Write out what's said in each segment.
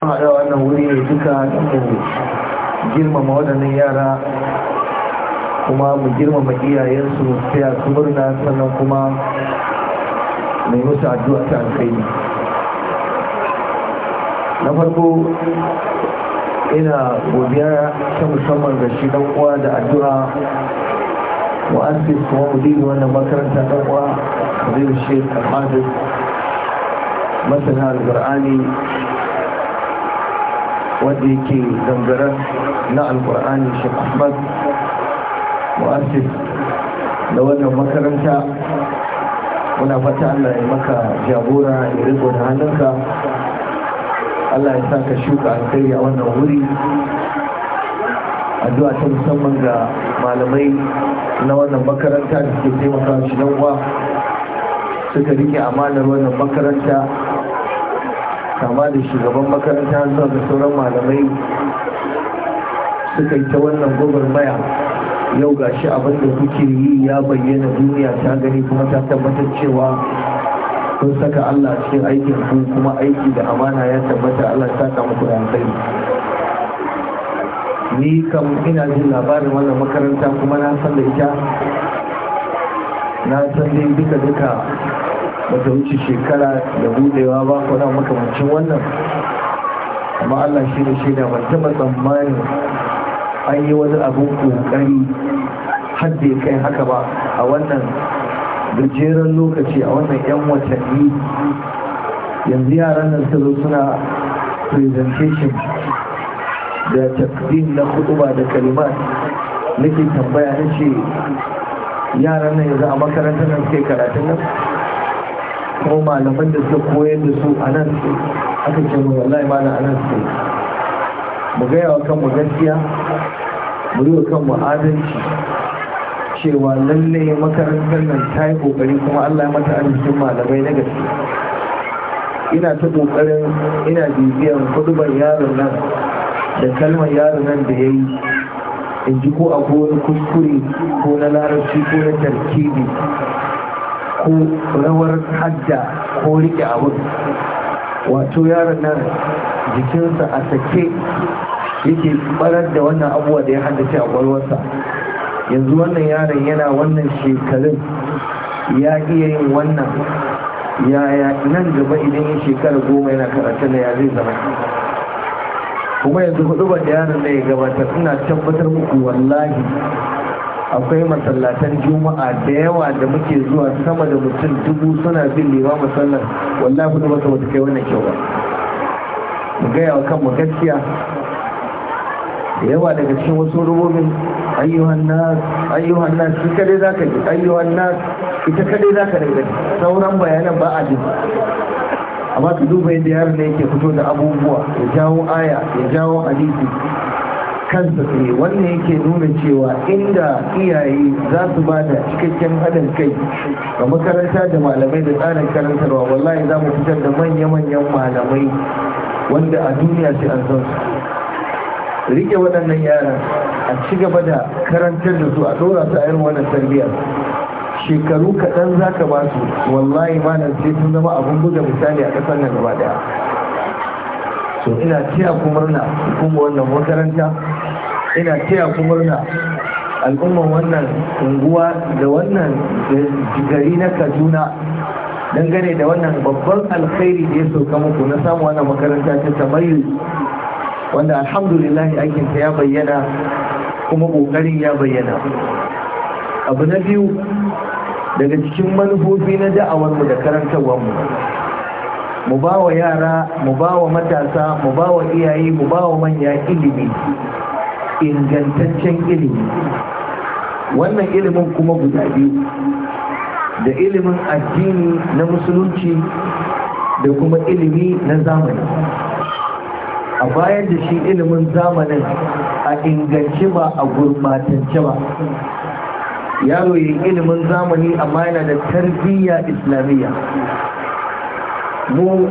haɗa wannan wuri ne duka mu girmama waɗannan yara kuma mu girmama iyayensu sai su murna sannan kuma mai musu addu'a ta alkhairi na farko ina godiya ta musamman ga shi dan da addu'a wa asis kuma mudiri wannan makaranta dan uwa zai shi alhafiz masana qurani wanda yake zangaren na alkur'ani shi ahmad mu'assis da wannan makaranta muna fata allah ya maka jagora ya riko da hannunka allah ya sa ka shuka alkhairi a wannan wuri addu'a ta musamman ga malamai na wannan makaranta da suke taimaka shi dan uwa suka rike amanar wannan makaranta kama da shugaban makaranta zuwa da sauran malamai suka yi ta wannan gwagwarmaya yau ga shi abin da kuke yi ya bayyana duniya ta gani kuma ta tabbatar cewa kun saka Allah cikin aikin ku kuma aiki da amana ya tabbata Allah ta samu ku ni kam ina jin labarin wannan makaranta kuma na san da ita na san dai duka duka ba wuce shekara da budewa ba ku na makamancin wannan amma Allah shi da shaida ban taɓa tsammanin an yi wani abin ƙoƙari har da kai haka ba a wannan gajeren lokaci a wannan 'yan watanni yanzu yaran nan su zo suna presentation da takdim na kuɗuba da kalimat nake tambaya na ce yaran nan yanzu a makarantar nan suke karatun nan ko malaman da suka koyar da su a nan aka ce mu wallahi malam a nan su mu gaya wa kanmu gaskiya mu yi wa kanmu adalci cewa lalle makarantar nan ta yi kokari kuma Allah ya mata arzikin malamai na gaske ina ta kokarin ina bibiyar kudubar yaron nan da kalmar yaron nan da ya yi in ji ko a wani kuskure ko na larabci ko na tarkibi ko rawar hadda ko rike abu wato yaron nan jikinsa a sake yake barar da wannan abuwa da ya haddace a ƙwarwarsa yanzu wannan yaron yana wannan shekarun ya iya yin wannan yaya nan gaba idan yin shekara goma yana karatu da ya zai zama kuma yanzu hudu ba da yaron da ya gabata ina tabbatar muku wallahi akwai masallatan juma'a da yawa da muke zuwa sama da mutum dubu suna bin limamin sallar wallahi kuma ba ta kai wannan kyau ba mu gaya wa kanmu gaskiya da yawa daga cikin wasu rubobin ayyuhan nas ayyuhan nas shi kadai zaka ji ayyuhan nas ita kadai zaka daga sauran bayanan ba a jin amma ka duba yadda yaron ne yake fito da abubuwa ya jawo aya ya jawo hadisi kansa ne wannan yake nuna cewa inda iyaye za su ba da cikakken haɗin kai ga makaranta da malamai da tsarin karantarwa wallahi za mu fitar da manya-manyan malamai wanda a duniya sai an san su rike waɗannan yaran a ci gaba da karantar da su a ɗora su a irin wannan tarbiyya shekaru kaɗan za ka ba su wallahi malam sai sun zama abin buga misali a ƙasar nan gaba ɗaya so ina taya ku kuma wannan makaranta ina taya ku murna al'umman wannan unguwa da wannan gari na kaduna dangane da wannan babban alkhairi da ya sauka muku na samu wannan makaranta ta tamayu wanda alhamdulillahi aikinta ya bayyana kuma ƙoƙarin ya bayyana abu na biyu daga cikin manufofi na da'awarmu da karantarwarmu mu ba wa yara mu ba wa matasa mu ba wa iyaye mu ba wa manya ilimi ingantaccen ilimi wannan ilimin kuma guda biyu da ilimin addini na musulunci da kuma ilimi na zamani a bayan da shi ilimin zamanin a inganci ba a gurbatance ba yaro yi ilimin zamani amma yana da tarbiyya islamiyya mu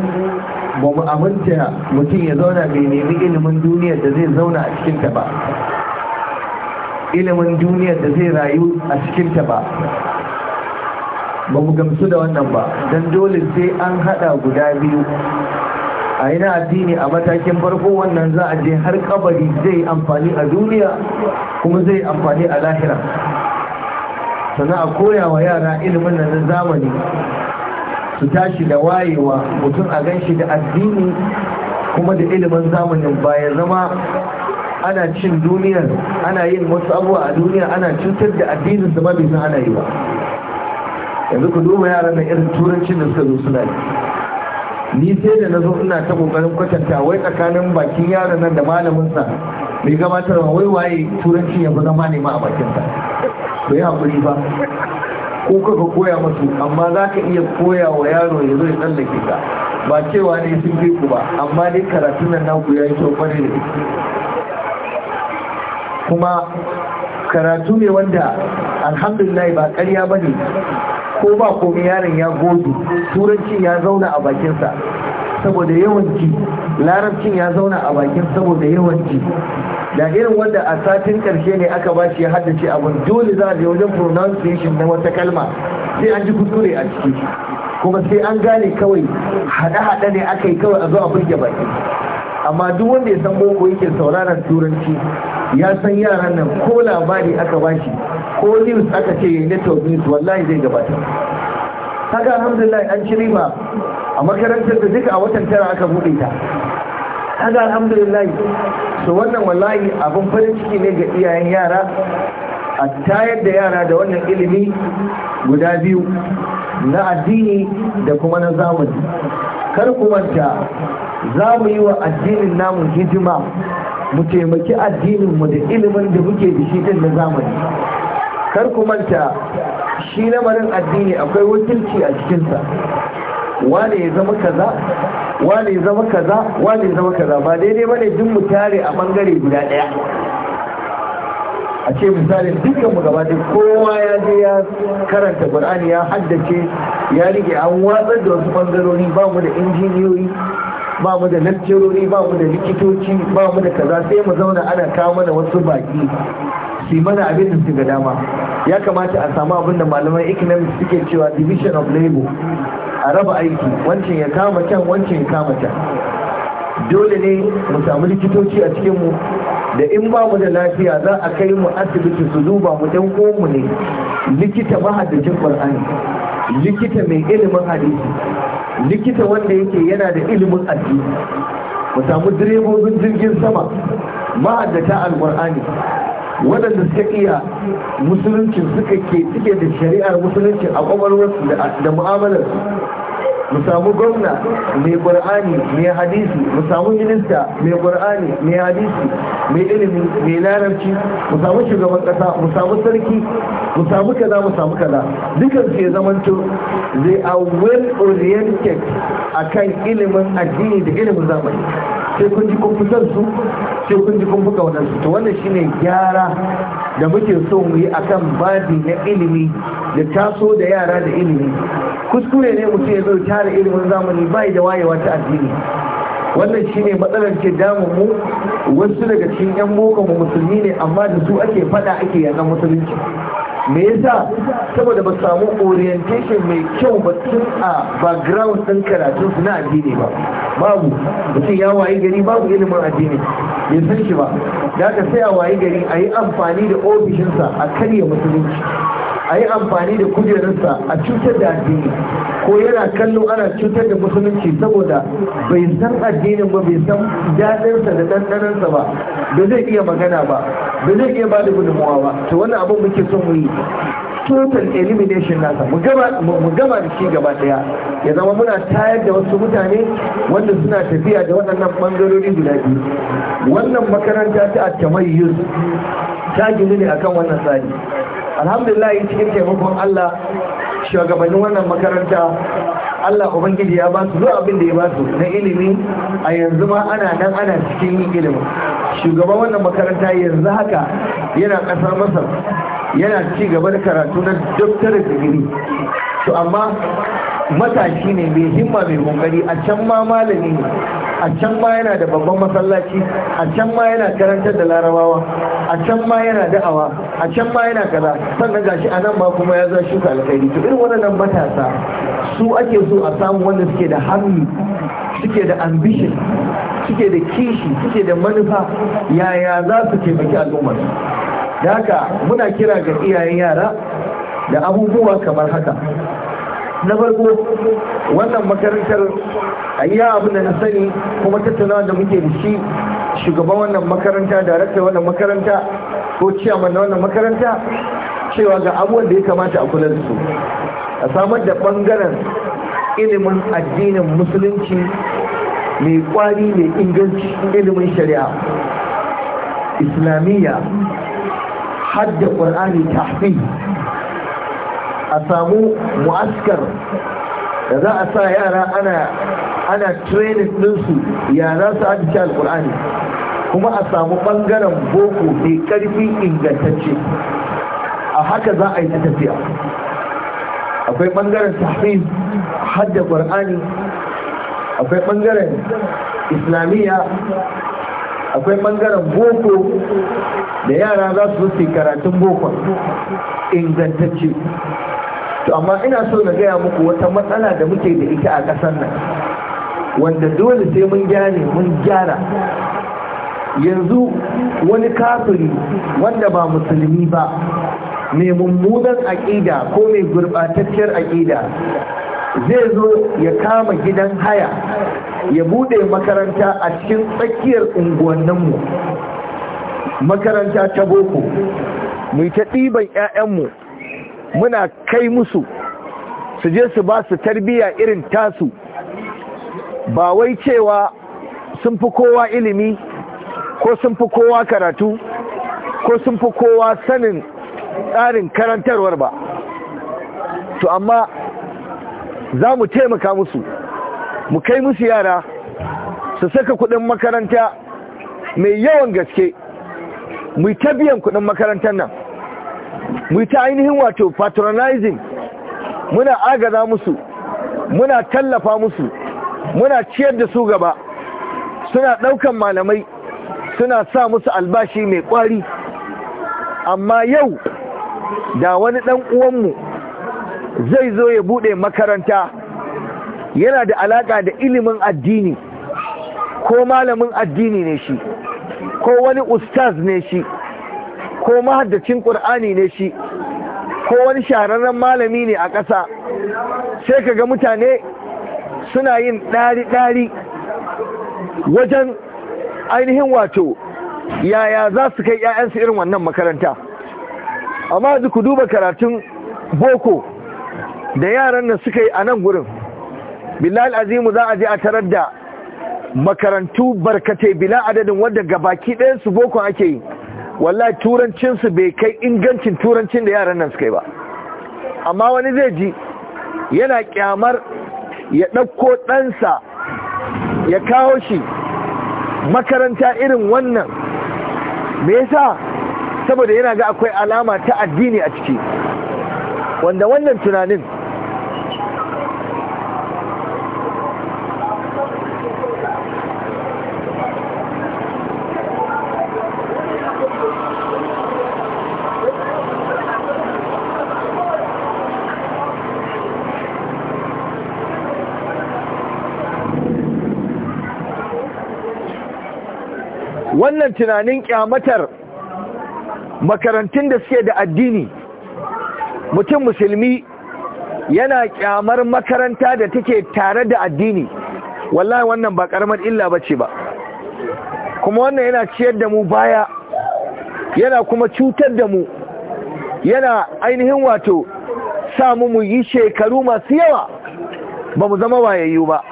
ba mu aminta mutum ya zauna mai nemi ilimin duniyar da zai zauna a cikinta ba ilimin duniyar da zai rayu a cikinta ba ba mu gamsu da wannan ba don dole sai an hada guda biyu a yi na addini a matakin farko wannan za a je har kabari zai amfani a duniya kuma zai amfani a lahira sana a koya wa yara ilimin na zamani su tashi da wayewa mutum a gan shi da addini kuma da ilimin zamanin ba zama ana cin duniyar ana yin wasu abuwa a duniya ana cutar da addinin da bai zan ana yi ba yanzu ku duba yaran na irin turancin da suka zo suna yi ni sai da na zo ina ta kokarin kwatanta wai tsakanin bakin yaran nan da malaminsa mai gabatarwa wai waye turancin ya fi zama ne ma a bakinsa ku yi haƙuri ba ko ka koya masu amma za ka iya koya wa yaro ya zai ya tsallake ka ba cewa ne sun fi ku ba amma dai karatun nan naku ya yi kyau kwarai da kuma karatu ne wanda alhamdulillah ba karya ba ne ko ba komi yaron ya goge turanci ya zauna a bakinsa saboda yawanci larabcin ya zauna a bakin saboda yawanci da irin wanda a satin karshe ne aka ba shi ya haddace abun dole za a je wajen pronunciation na wata kalma sai an ji kuskure a ciki kuma sai an gane kawai hada hada ne aka yi kawai a zo a burge baki amma duk wanda ya san boko yake sauraron turanci ya san yaran nan ko labari aka bashi ko news aka ce ya network news wallahi zai gabata Haka alhamdulillah an ci riba a makarantar da duka a watan tara aka buɗe ta haka alhamdulillah to wannan wallahi abin farin ciki ne ga iyayen yara a tayar da yara da wannan ilimi guda biyu na addini da kuma na zamani kar ku manta za mu yi wa addinin namun hidima mu taimaki addinin mu da ilimin da muke da shi din na zamani kar ku manta shi lamarin addini akwai wakilci a cikinsa wane ya zama kaza wani zama kaza wani zama kaza ba daidai bane duk mu tare a bangare guda daya a ce misalin dukkan mu gaba kowa ya je ya karanta qur'ani ya haddace ya rike an watsar da wasu bangarori ba mu da injiniyoyi ba mu da lakcirori ba mu da likitoci ba mu da kaza sai mu zauna ana kawo mana wasu baki su mana abin da su ga dama ya kamata a samu abinda da malaman economics suke cewa division of labor a raba aiki wancan ya kama can wancan ya kama can dole ne mu samu likitoci a cikinmu da in ba mu da lafiya za a kai mu asibiti su duba mu dan mu ne likita mahaddacin qur'ani likita mai ilimin hadisi likita wanda yake yana da ilimin addini mu samu direbobin jirgin sama mahaddata alqur'ani waɗanda suka iya musuluncin suka ke suke da shari'ar musulunci a wasu da mu'amalar mu samu gwamna mai ƙwar'ani mai hadisi mu samu minista mai ƙwar'ani mai hadisi mai ilimi mai larabci mu samu shugaban ƙasa, mu samu sarki mu samu kaza mu samu kaza dukan su ya zamanto they are well oriented kan ilimin addini da ilimin zamani sai kun ji kun fi son su sai kun ji kun fi kaunar su to wannan shine gyara da muke so mu yi akan babi na ilimi da taso da yara da ilimi kuskure ne mutum ya zo tara ilimin zamani bai da wayewa ta addini wannan shine matsalar ke damu mu wasu daga cikin yan boko mu musulmi ne amma da su ake fada ake yakan musulunci me yasa saboda ba samu orientation mai kyau ba tun a background din karatun su na addini ba babu mutum ya waye gari babu ilimin addini ya san shi ba da aka sai a wayi gari a yi amfani da ofishinsa a karya musulunci a yi amfani da kujerarsa a cutar da addini ko yana kallo ana cutar da musulunci saboda bai san addinin ba bai san daɗinsa da ɗanɗanansa ba ba zai iya magana ba ba zai iya ba da gudunmuwa ba to wannan abin muke son mu yi total elimination nasa mu gaba da shi gaba daya ya zama muna tayar da wasu mutane wanda suna tafiya da waɗannan ɓangarori guda biyu wannan makaranta ta a yuzu ta gini ne akan wannan tsari alhamdulillah cikin taimakon Allah shugabannin wannan makaranta Allah Ubangiji ya ba su zuwa abin da ya ba su na ilimi a yanzu ma ana nan ana cikin yin ilimin shugaban wannan makaranta yanzu haka yana ƙasar Masar yana ci gaba da karatu na da digiri. to amma matashi ne mai himma mai kokari a can ma malami ne a can ma yana da babban masallaci a can ma yana karantar da larabawa a can ma yana da'awa a can ma yana kaza sannan gashi a nan ma kuma ya shuka alkhairi to irin waɗannan matasa su ake so a samu wanda suke da hannu suke da ambition suke da kishi suke da manufa yaya za su taimaki al'ummar da haka muna kira ga iyayen yara da abubuwa kamar haka na farko wannan makarantar a abin da na sani kuma tattaunawa da muke da shi shugaban wannan makaranta darakta wannan makaranta ko ciyaman na wannan makaranta cewa ga abubuwan da ya kamata a kula da su a samar da bangaren ilimin addinin musulunci mai kwari mai inganci ilimin shari'a islamiyya hadda ƙwar'ani tahfi a samu mu'askar da za a sa yara ana ana training ɗinsu ya za su haddace alkur'ani kuma a samu ɓangaren boko mai ƙarfi ingantacce a haka za a yi ta tafiya akwai ɓangaren tahfiz hadda ƙur'ani? akwai ɓangaren islamiyya akwai ɓangaren boko da yara za su karatun boko ingantacce to amma ina so na gaya muku wata matsala da muke da ita a ƙasar nan wanda dole sai mun gyane mun gyara yanzu wani kafiri wanda ba musulmi ba mai mummunan aƙida ko mai gurɓatacciyar aƙida zai zo ya kama gidan haya ya bude makaranta a cikin tsakiyar unguwanninmu makaranta ta boko Mui ta ɗiban 'ya'yanmu muna kai musu su je su ba su tarbiya irin tasu ba wai cewa sun fi kowa ilimi ko sun fi kowa karatu ko sun fi kowa sanin tsarin karantarwar ba to amma za mu taimaka musu mu kai musu yara su saka kudin makaranta mai yawan gaske mu ta biyan kudin makarantar nan mu ta ainihin wato patronizing muna agaza musu muna tallafa musu muna ciyar da su gaba suna ɗaukan malamai suna sa musu albashi mai kwari. amma yau da wani ɗan uwanmu zai zo ya buɗe makaranta yana da alaƙa da ilimin addini ko malamin addini ne shi ko wani ustaz ne shi ko mahaddacin ƙur'ani ne shi ko wani shahararren malami ne a ƙasa sai ka ga mutane suna yin ɗari-ɗari wajen ainihin wato yaya za su kai 'ya'yansu irin wannan makaranta amma da ku duba karatun boko da yaran nan suka yi a nan gurin bilal azimu za a je a tarar da makarantu barkatai bila adadin wadda gabaki ɗayansu boko ake yi wallahi su bai kai ingancin turancin da yaran nan suka yi ba amma wani zai ji yana kyamar ya ɗauko ɗansa ya kawo shi makaranta irin wannan me yasa saboda yana ga akwai alama ta addini a ciki wanda wannan tunanin wannan tunanin kyamatar makarantun da suke da addini mutum musulmi yana kyamar makaranta da take tare da addini wallahi wannan ba karamar illa ba ce ba kuma wannan yana ciyar da mu baya yana kuma cutar da mu yana ainihin wato samu mu yi shekaru masu yawa ba mu zama wayayyu ba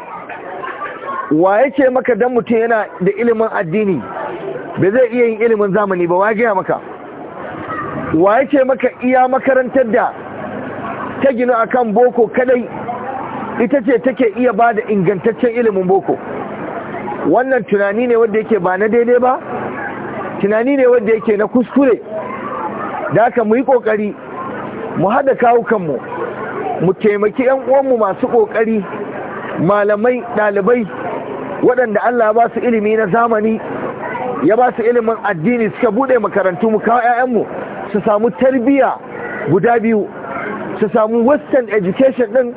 wa yake maka dan mutum yana da ilimin addini ba zai iya yin ilimin zamani ba wa gaya maka wa yake maka iya makarantar da ta gina akan boko kadai ita ce take iya ba da ingantaccen ilimin boko wannan tunani ne wanda yake ba na daidai ba tunani ne wanda yake na kuskure da haka mu yi kokari mu hada kawukanmu mu taimaki 'yan uwanmu masu kokari malamai ɗalibai waɗanda Allah ba su ilimi na zamani ya ba su ilimin addini suka buɗe makarantu mu kawo 'ya'yanmu su samu tarbiyya guda biyu su samu western education ɗin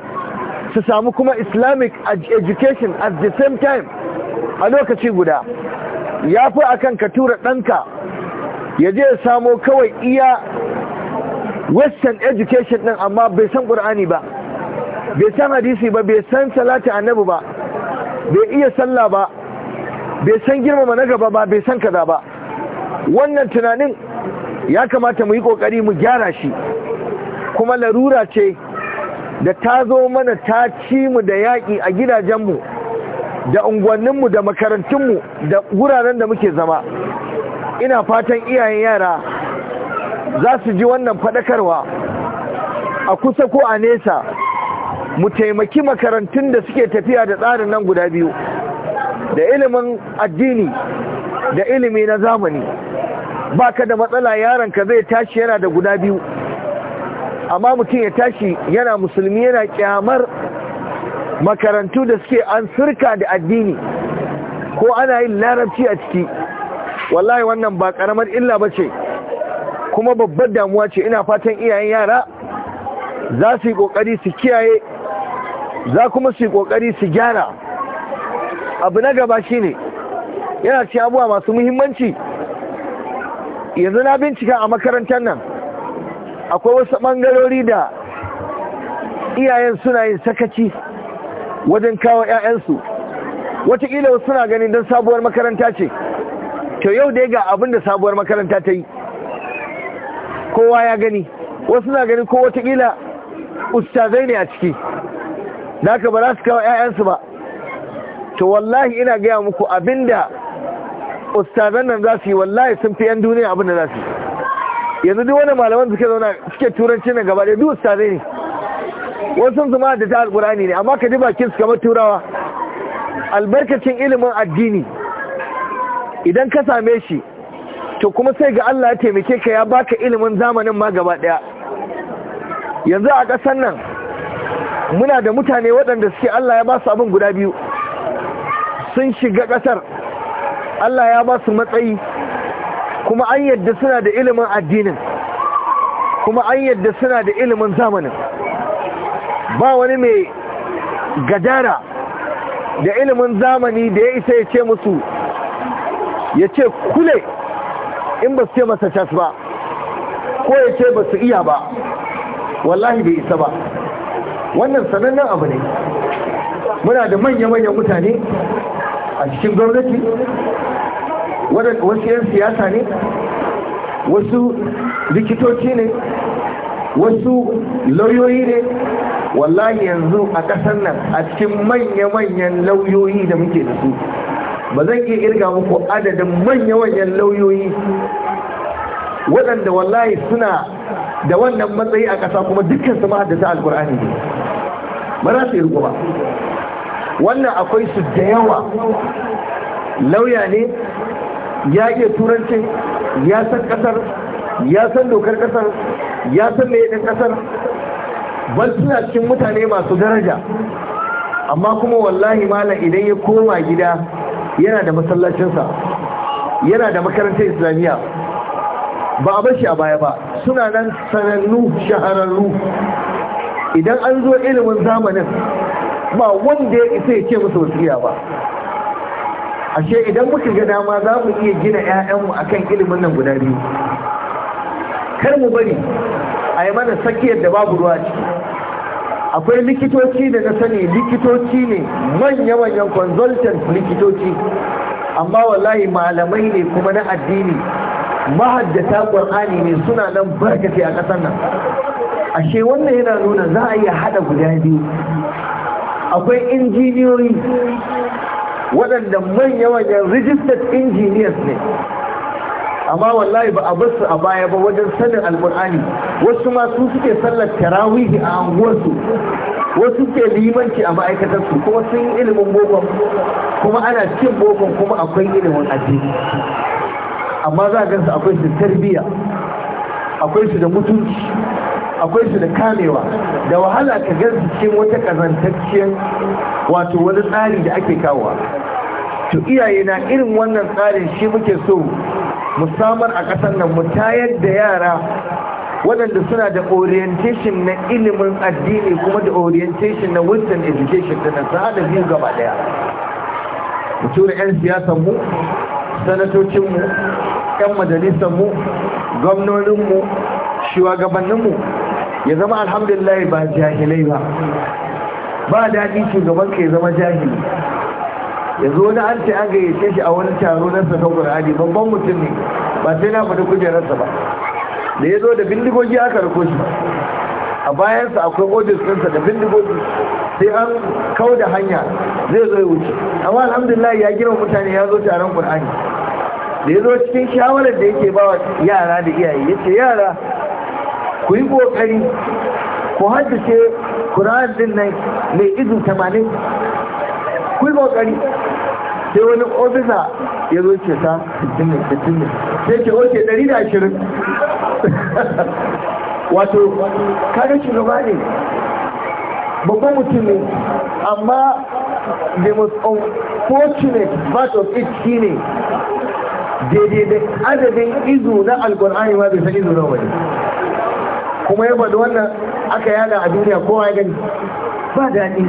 su samu kuma islamic education at the same time a lokaci guda ya fi akan ka tura ɗanka ya je ya samo kawai iya western education ɗin amma bai san ƙur'ani ba bai san hadisi ba bai san salati annabi ba bai iya sallah ba bai san girmama na gaba ba bai san kaza ba wannan tunanin ya kamata mu yi kokari mu gyara shi kuma larura ce da ta zo mana ta ci mu da yaƙi a gidajenmu da unguwanninmu da makarantunmu da wuraren da muke zama ina fatan iyayen yara za su ji wannan faɗakarwa a kusa ko a nesa mu taimaki makarantun da suke tafiya da tsarin nan guda biyu da ilimin addini da ilimi na zamani Ba ka da matsala yaron ka zai tashi yana da guda biyu amma mutum ya tashi yana musulmi yana kyamar makarantu da suke an sirka da addini ko ana yin larabci a ciki wallahi wannan ba karamar illa ba ce kuma babbar damuwa ce ina fatan iyayen yara za su yi kokari su kiyaye za kuma su yi kokari su gyara abu na gaba shi ne. yana ci abuwa masu muhimmanci yanzu na bincika a makarantar nan akwai wasu ɓangarori da iyayen suna yin sakaci wajen kawo 'ya'yansu watakila wasu suna ganin don sabuwar makaranta ce to yau dai ga abin da sabuwar makaranta ta yi kowa ya gani wasu na gani ko watakila ustazai ne a ciki da aka ba za su kawo 'ya'yansu ba to wallahi ina gaya muku abinda ustazan nan za su yi wallahi sun fi 'yan duniya abinda za su yi yanzu duk wani malaman suke zauna suke turanci na gaba ɗaya duk ustazai ne wasu zuma da ta alƙur'ani ne amma ka ji bakin su kamar turawa albarkacin ilimin addini idan ka same shi to kuma sai ga Allah ya taimake ka ya baka ilimin zamanin ma gaba ɗaya yanzu a ƙasar nan muna da mutane waɗanda suke Allah ya ba su abin guda biyu sun shiga ƙasar Allah ya ba su matsayi kuma an yadda suna da ilimin addinin kuma an yadda suna da ilimin zamanin ba wani mai gadara da ilimin zamani da ya isa ya ce musu ya ce kule in ba su ce masa cas ba ko ya ce ba su iya ba wallahi bai isa ba wannan sanannen abu ne muna da manya-manyan mutane a cikin gwamnati wasu 'yan siyasa ne wasu likitoci ne wasu lauyoyi ne wallahi yanzu a ƙasar nan a cikin manya-manyan lauyoyi da muke da su ba zan iya irga muku adadin manya-manyan lauyoyi waɗanda wallahi suna da wannan matsayi a ƙasa kuma dukkan su ma da ta alkur'ani ne ba za su yi ba wannan akwai su da yawa lauya ne ya iya turanci ya san kasar ya san dokar kasar ya san mai yadda kasar ban suna cikin mutane masu daraja amma kuma wallahi mala idan ya koma gida yana da masallacinsa yana da makarantar islamiyya ba a bar shi a baya ba suna nan sanannu shahararru idan an zo ilimin zamanin ba wanda ya isa ya ce musu wasiya ba ashe idan muka ga dama za mu iya gina 'ya'yanmu a kan ilimin nan guda biyu kar mu bari a yi mana tsakiyar da babu ruwa ciki akwai likitoci da na sani likitoci ne manya-manyan consultant likitoci amma wallahi malamai ne kuma na addini mahaddata ƙwar'ani ne suna nan barkatai a ƙasar nan ashe wannan yana nuna za a iya hada guda biyu akwai injiniyoyi waɗanda manya yan registered engineers ne amma wallahi ba a basu a baya ba wajen sanin alkur'ani wasu ma su suke sallar tarawihi a anguwarsu wasu ke limanci a ma'aikatarsu kuma sun yi ilimin bokon kuma ana cin bokon kuma akwai ilimin addini amma za a gansu akwai su tarbiyya akwai su da mutunci akwai su da kamewa da wahala ka gansu cikin wata kazantacciyar wato wani tsari da ake kawowa to iyaye na irin wannan tsarin shi muke so mu samar a ƙasar nan mu tayar da yara waɗanda suna da orientation na ilimin addini kuma da orientation na western education da na da biyu gaba daya mu tura 'yan siyasanmu sanatocinmu 'yan majalisanmu gwamnoninmu shugabanninmu ya zama alhamdulillah ba jahilai ba ba daɗi shugaban ka ya zama jahili ya zo wani an ce an gayyace shi a wani taro na ƙur'ani babban mutum ne ba sai na faɗi kujerarsa ba da ya zo da bindigogi aka rako shi a bayansa akwai odis ɗinsa da bindigogi sai an kau da hanya zai zo ya wuce amma alhamdulillah ya girma mutane ya zo taron ƙur'ani da ya zo cikin shawarar da yake ba wa yara da iyaye ya ce yara ku yi ƙoƙari ku haddace Kur'an din nan mai izu tamanin ku yi sai wani ofisa ya zo ce sa 60 ne 60 ne sai ce oke 120 wato kada shugaba ne babban mutum ne amma the most unfortunate part of it shine daidai da adadin izu na alkur'ani ma bai san izu na wani kuma ya da wannan aka yada a duniya kowa ya gani ba daɗi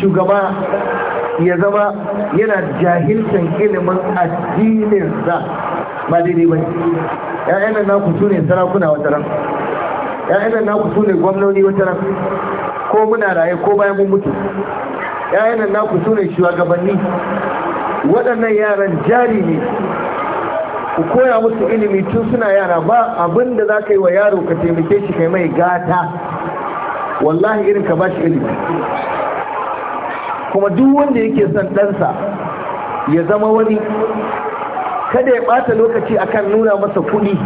shugaba ya zama yana jahilcin ilimin addininsa ba daidai ba ya'yan nan naku su ne sarakuna wata ran ya'yan nan naku su ne gwamnoni wata ran ko muna raye ko bayan mun mutu ya'yan nan naku su ne shugabanni waɗannan yaran jari ne ku koya musu ilimi tun suna yara ba abin da za ka yi wa yaro ka taimake shi kai mai gata wallahi irin ka ba shi ilimi kuma duk wanda yake son ɗansa ya zama wani kada ya ɓata lokaci akan nuna masa kuɗi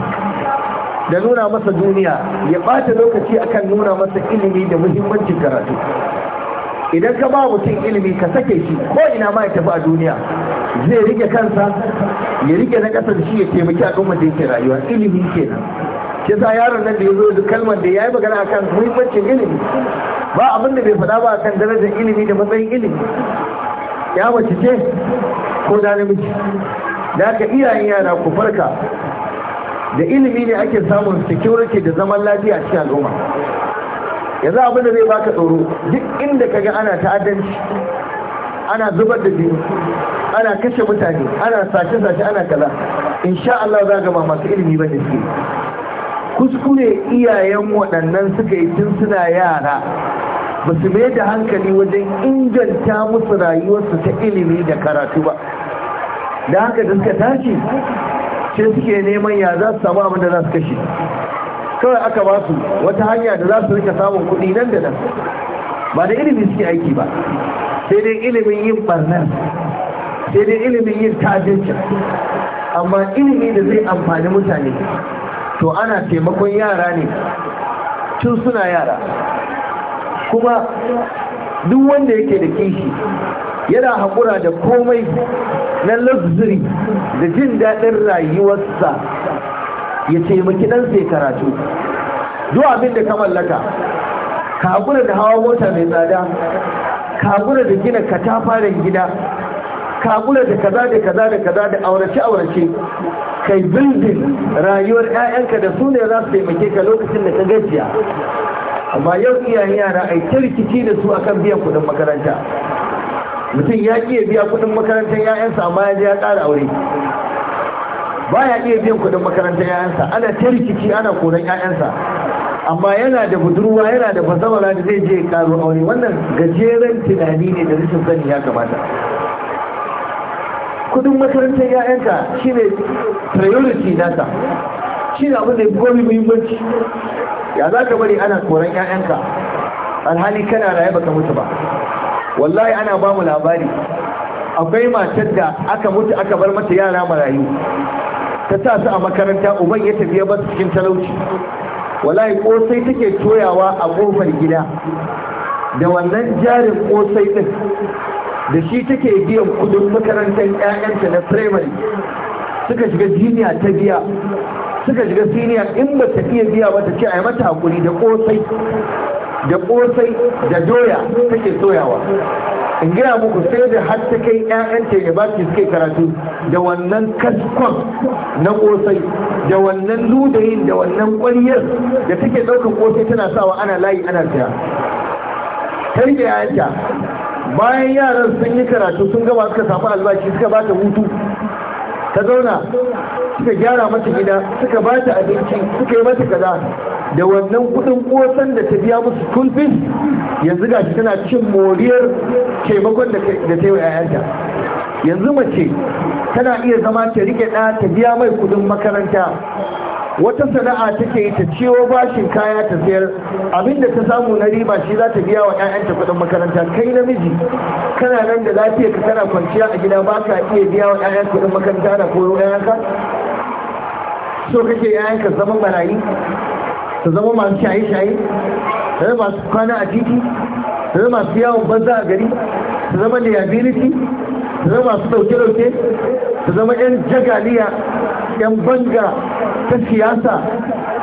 da nuna masa duniya ya ɓata lokaci akan nuna masa ilimi da muhimmancin karatu idan ka ba mutum ilimi ka sake shi ko ina ma ya tafi a duniya zai rike kansa ya rike na kasar shi ya taimaki kuma da yake rayuwa ilimi kenan ke sa yaron nan da ya zo da kalmar da ya yi magana akan muhimmancin ilimi ba abin da bai faɗa ba a kan darajar ilimi da matsayin ilimi ya mace ce ko da namiji da aka iyayen yara ku farka da ilimi ne ake samun security da zaman lafiya a cikin al'umma yanzu abin da zai baka tsoro duk inda ka ga ana ta'addanci ana zubar da jini ana kashe mutane ana sace-sace ana kaza insha Allah za ga masu ilimi ba da suke kuskure iyayen waɗannan suka yi tun suna yara ba su mai da hankali wajen inganta musu rayuwarsu ta ilimi da karatu ba da haka da suka tashi ce suke neman ya za su samu abin da za su kashe kawai aka ba su wata hanya da za su rika samun kuɗi nan da nan ba da ilimi suke aiki ba sai dai ilimin yin barnar sai dai ilimin yin tajinci amma ilimi da zai amfani mutane to ana taimakon yara ne tun suna yara kuma duk wanda yake da kishi yana haƙura da komai na luxury da jin daɗin rayuwarsa ya taimaki ɗan sai karatu duk abin da ka mallaka ka haƙura da hawa mota mai tsada ka haƙura da gina katafaren gida ka da kaza da kaza da kaza da aurace aurace kai bildin rayuwar 'ya'yanka da su ne za su taimake ka lokacin da ka gajiya amma yau iyaye yara ai ta rikici da su akan biyan kuɗin makaranta mutum ya iya biya kuɗin makarantar 'ya'yansa amma ya je ya ƙara aure ba ya iya biyan kuɗin makarantar 'ya'yansa ana ta rikici ana koran 'ya'yansa amma yana da budurwa yana da fasawara da zai je ya ƙaro aure wannan gajeren tunani ne da rashin sani ya kamata kudin makarantar ya'yanka shine priority nasa shi ne abin da ya fi muhimmanci ya za ka bari ana koran 'ya'yanka alhali kana raye baka mutu ba wallahi ana ba mu labari akwai matar da aka mutu aka bar mata yara marayu ta sa su a makaranta uban ya tafiya ba su cikin talauci wallahi kosai take toyawa a kofar gida da wannan jarin kosai din da shi take biyan kudin makarantar 'ya'yanta na firamare suka shiga jiniya ta biya suka shiga siniya in ba ta iya biya ba ta ce a yi mata hakuri da kosai da kosai da doya take soyawa in gina muku sai da har ta kai 'ya'yanta ya ba suke karatu da wannan kaskon na kosai da wannan ludayin da wannan ƙwaryar da take ɗaukar kosai tana sawa ana layi ana siya tarbiyyanta bayan yaran sun yi karatu sun gama suka samu albashi suka ba ta hutu ta zauna suka gyara mata gida suka ba ta abinci suka yi mata kaza da wannan kudin kosan da ta biya musu kulfis yanzu gashi tana cin moriyar taimakon da ta yi wa 'ya'yanta yanzu mace tana iya zama ta rike ɗa ta biya mai kudin makaranta wata sana'a take yi ta ciwo bashin kaya ta sayar abinda ta samu na riba shi za ta biya wa 'ya'yanta kudin makaranta kai namiji kana nan da lafiya ka kana kwanciya a gida ba ka iya biya wa 'ya'yan kuɗin makaranta na koyo 'ya'yanka so kake 'ya'yanka zama barayi su zama masu shaye-shaye su zama masu kwana a titi su zama masu yawon banza a gari su zama liability su zama masu dauke-dauke su zama 'yan jagaliya 'yan banga ta siyasa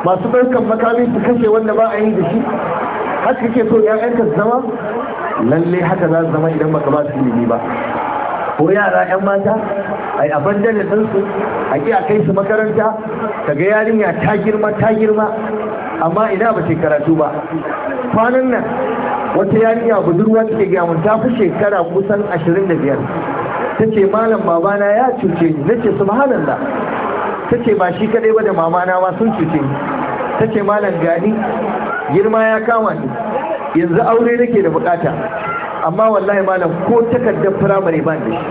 masu ɗaukar makami su kashe wanda ba a yi da shi haka kake so 'ya'yanka aika zama lalle haka za zama idan baka ba su ilimi ba ko yara 'yan mata a yi abandana su a ƙi a kai su makaranta ka ga yarinya ta girma ta girma amma ina ba ce karatu ba kwanan nan wata yarinya budurwa take ga mun ta fi shekara kusan ashirin da biyar ta ce malam babana ya cuce ni nace subhanallah ta ce ba shi kadai ba da mamana ma sun cuce ni ta ce malam gani girma ya kama ni yanzu aure nake da bukata amma wallahi malam ko takardar firamare ba da shi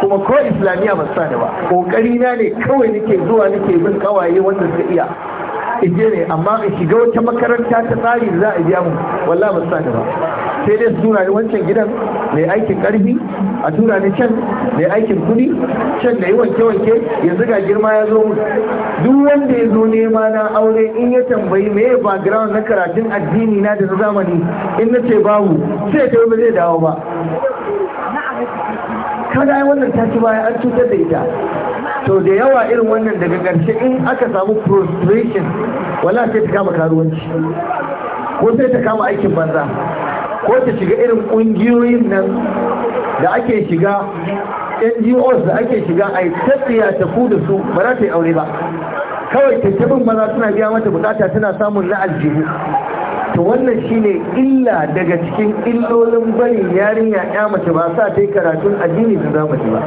kuma ko islamiyya ba sa da ba kokari na ne kawai nake zuwa nake bin kawaye wanda suka iya ije ne amma in shiga wata makaranta ta tsari za a biya mu wallahi ba sa da ba sai dai su tura ni wancan gidan mai aikin karfi a tura ni can mai aikin kudi can da yi wanke wanke yanzu ga girma ya zo mu. duk wanda ya zo nema na aure in ya tambayi me background na karatun addini na da na zamani in na ce babu sai ta ba zai dawo ba kada ai wannan ta ci baya an cutar da ita to da yawa irin wannan daga ƙarshe in aka samu prostration wala sai ta kama karuwanci ko sai ta kama aikin banza ko ta shiga irin ƙungiyoyin nan da ake shiga ngos da ake shiga a yi tafiya ta ku da su ba za ta yi aure ba kawai tattabin maza suna biya mata bukata tana samun na aljihu to wannan shine illa daga cikin illolin bari yarinya ya mace ba sa ta yi karatun addini da za mace ba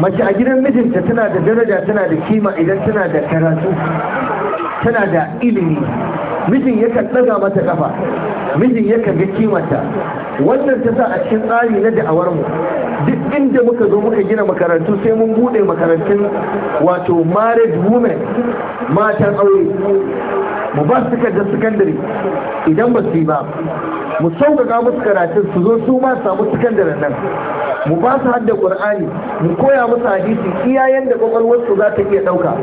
mace a gidan mijinta tana da daraja tana da kima idan tana da karatu tana da ilimi mijin yakan ɗaga mata kafa mijin yakan ga kimanta wannan ta sa a cikin tsari na da'awar mu duk inda muka zo muka gina makarantu sai mun bude makarantun wato married women matan aure mu ba su da sakandare idan ba su yi ba mu sauƙaƙa musu karatun su zo su ma samu sakandaren nan mu ba su hadda ƙur'ani mu koya musu hadisi iyayen da ƙwaƙwalwarsu za ta iya ɗauka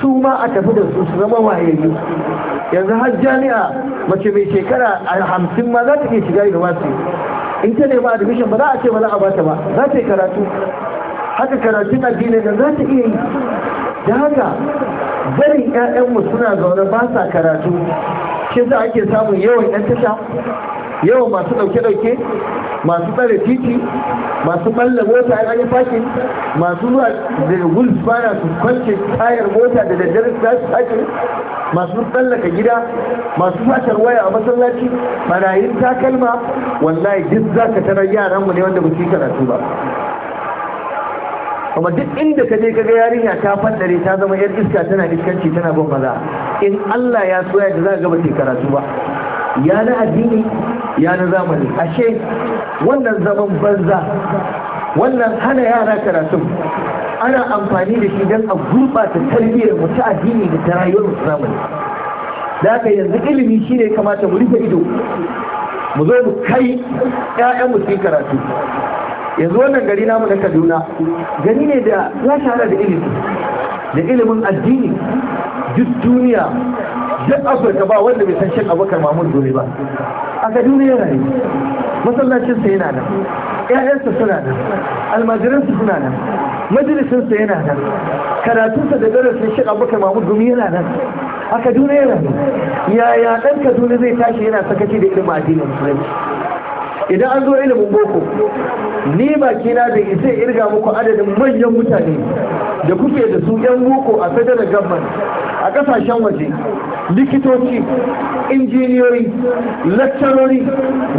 su ma a tafi da su su zama wayayyu yanzu har jami'a mace mai shekara a hamsin ma za ta iya shiga university in ta nema admission ba za a ce ba za a bata ba za ta yi karatu haka karatun addinin da za ta iya yi da haka barin 'ya'yanmu suna zaune ba sa karatu shi za ake samun yawan 'yan tasha yawan masu dauke-dauke masu tsare titi masu balla mota a yi fakin masu zuwa da wolf bana su kwance tayar mota da daddare su tashi fakin masu tsallaka gida masu fashar waya a masallaci marayin takalma wallahi duk za ka tarar yaran mu ne wanda ba su yi karatu ba kuma duk inda ka je kaga yarinya ta fadare ta zama yar iska tana iskanci tana bin maza in Allah ya soya da za ga ba karatu ba ya na addini ya na zamani ashe wannan zaman banza wannan hana yara karatun ana amfani da shi don a gurɓata tarbiyyar mu ta addini da ta rayuwar mu zamani da aka yanzu ilimi shi shine kamata mu rufe ido mu zo mu kai ƴaƴan mu karatu yanzu wannan gari namu na Kaduna gani ne da ya shahara da ilimi da ilimin addini duk duniya duk afirka ba wanda bai san shan abokan mahmud dole ba a ga duniya yana yi masallacinsa yana nan ƴaƴansa suna nan almajiransa suna nan majalisinsa yana nan karatunsa da darasin shan abokan mamun zuri yana nan a kaduna yana nan yaya ɗan kaduna zai tashi yana sakaci da ilimin addinin musulunci idan an zo ilimin boko ni baki na bai zai irga muku adadin manyan mutane da kuke da su yan boko a federal government a kasashen waje likitoci injiniyoyi lakcarori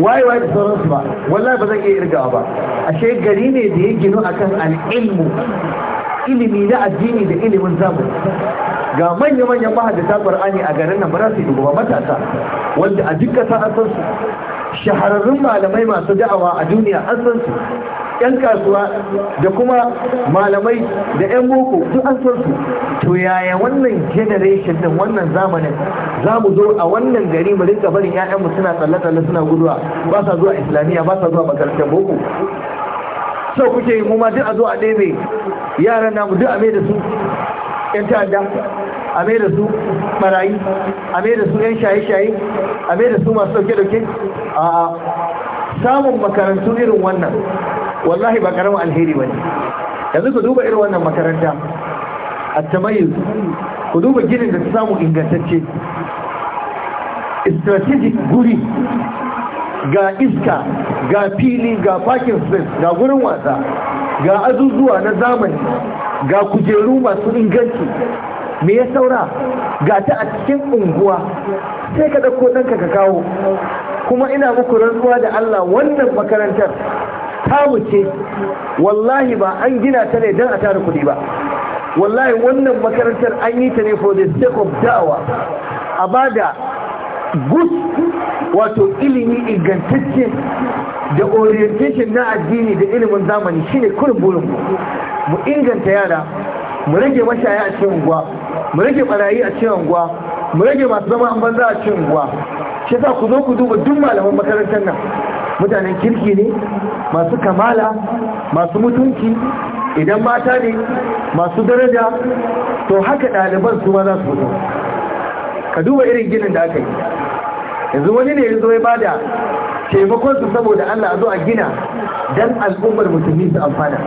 waye da sauransu ba wallahi ba zan iya irgawa ba ashe gari ne da ya ginu akan al'ilmu ilimi na addini da ilimin zamani ga manya-manyan mahaddata qur'ani a garin nan ba za su yi matasa wanda a dukkan ƙasa shahararrun malamai masu da'awa a duniya an san su yan kasuwa da kuma malamai da yan boko duk an san su to yaya wannan generation din wannan zamanin za mu zo a wannan gari mu rinka barin mu suna tsalle-tsalle suna guduwa ba sa zuwa islamiyya ba sa zuwa makarantar boko so kuke mu ma duk a zo a ɗebe yaran namu duk a mai da su 'yan ta'adda a mai da su marayi a mai da su yan shaye-shaye a mai da su masu dauke-dauke a samun makarantu irin wannan wallahi ba karamin alheri ba ne yanzu ku duba irin wannan makaranta a tamayiz ku duba ginin da ta samu ingantacce strategic guri ga iska ga fili ga parking space ga gurin wasa ga azuzuwa na zamani ga kujeru masu inganci me ya saura ga ta a cikin unguwa sai ka ɗauko ɗanka ka kawo kuma ina muku rantsuwa da Allah wannan makarantar ta wuce wallahi ba an gina ta ne don a tara kuɗi ba wallahi wannan makarantar an yi ta ne for the sake of da'awa a bada gus wato ilimi ingantacce da orientation na addini da ilimin zamani shine kurin burin mu inganta yara mu rage mashaya a cikin unguwa mu rage barayi a cikin unguwa mu rage masu zama an banza a cikin unguwa shi ku zo ku duba duk malaman makarantar nan mutanen kirki ne masu kamala masu mutunci idan mata ne masu daraja to haka ɗaliban su ma za su zo. ka duba irin ginin da aka yi yanzu wani ne ya zo ya bada taimakon su saboda Allah a zo a gina dan al'ummar musulmi su amfana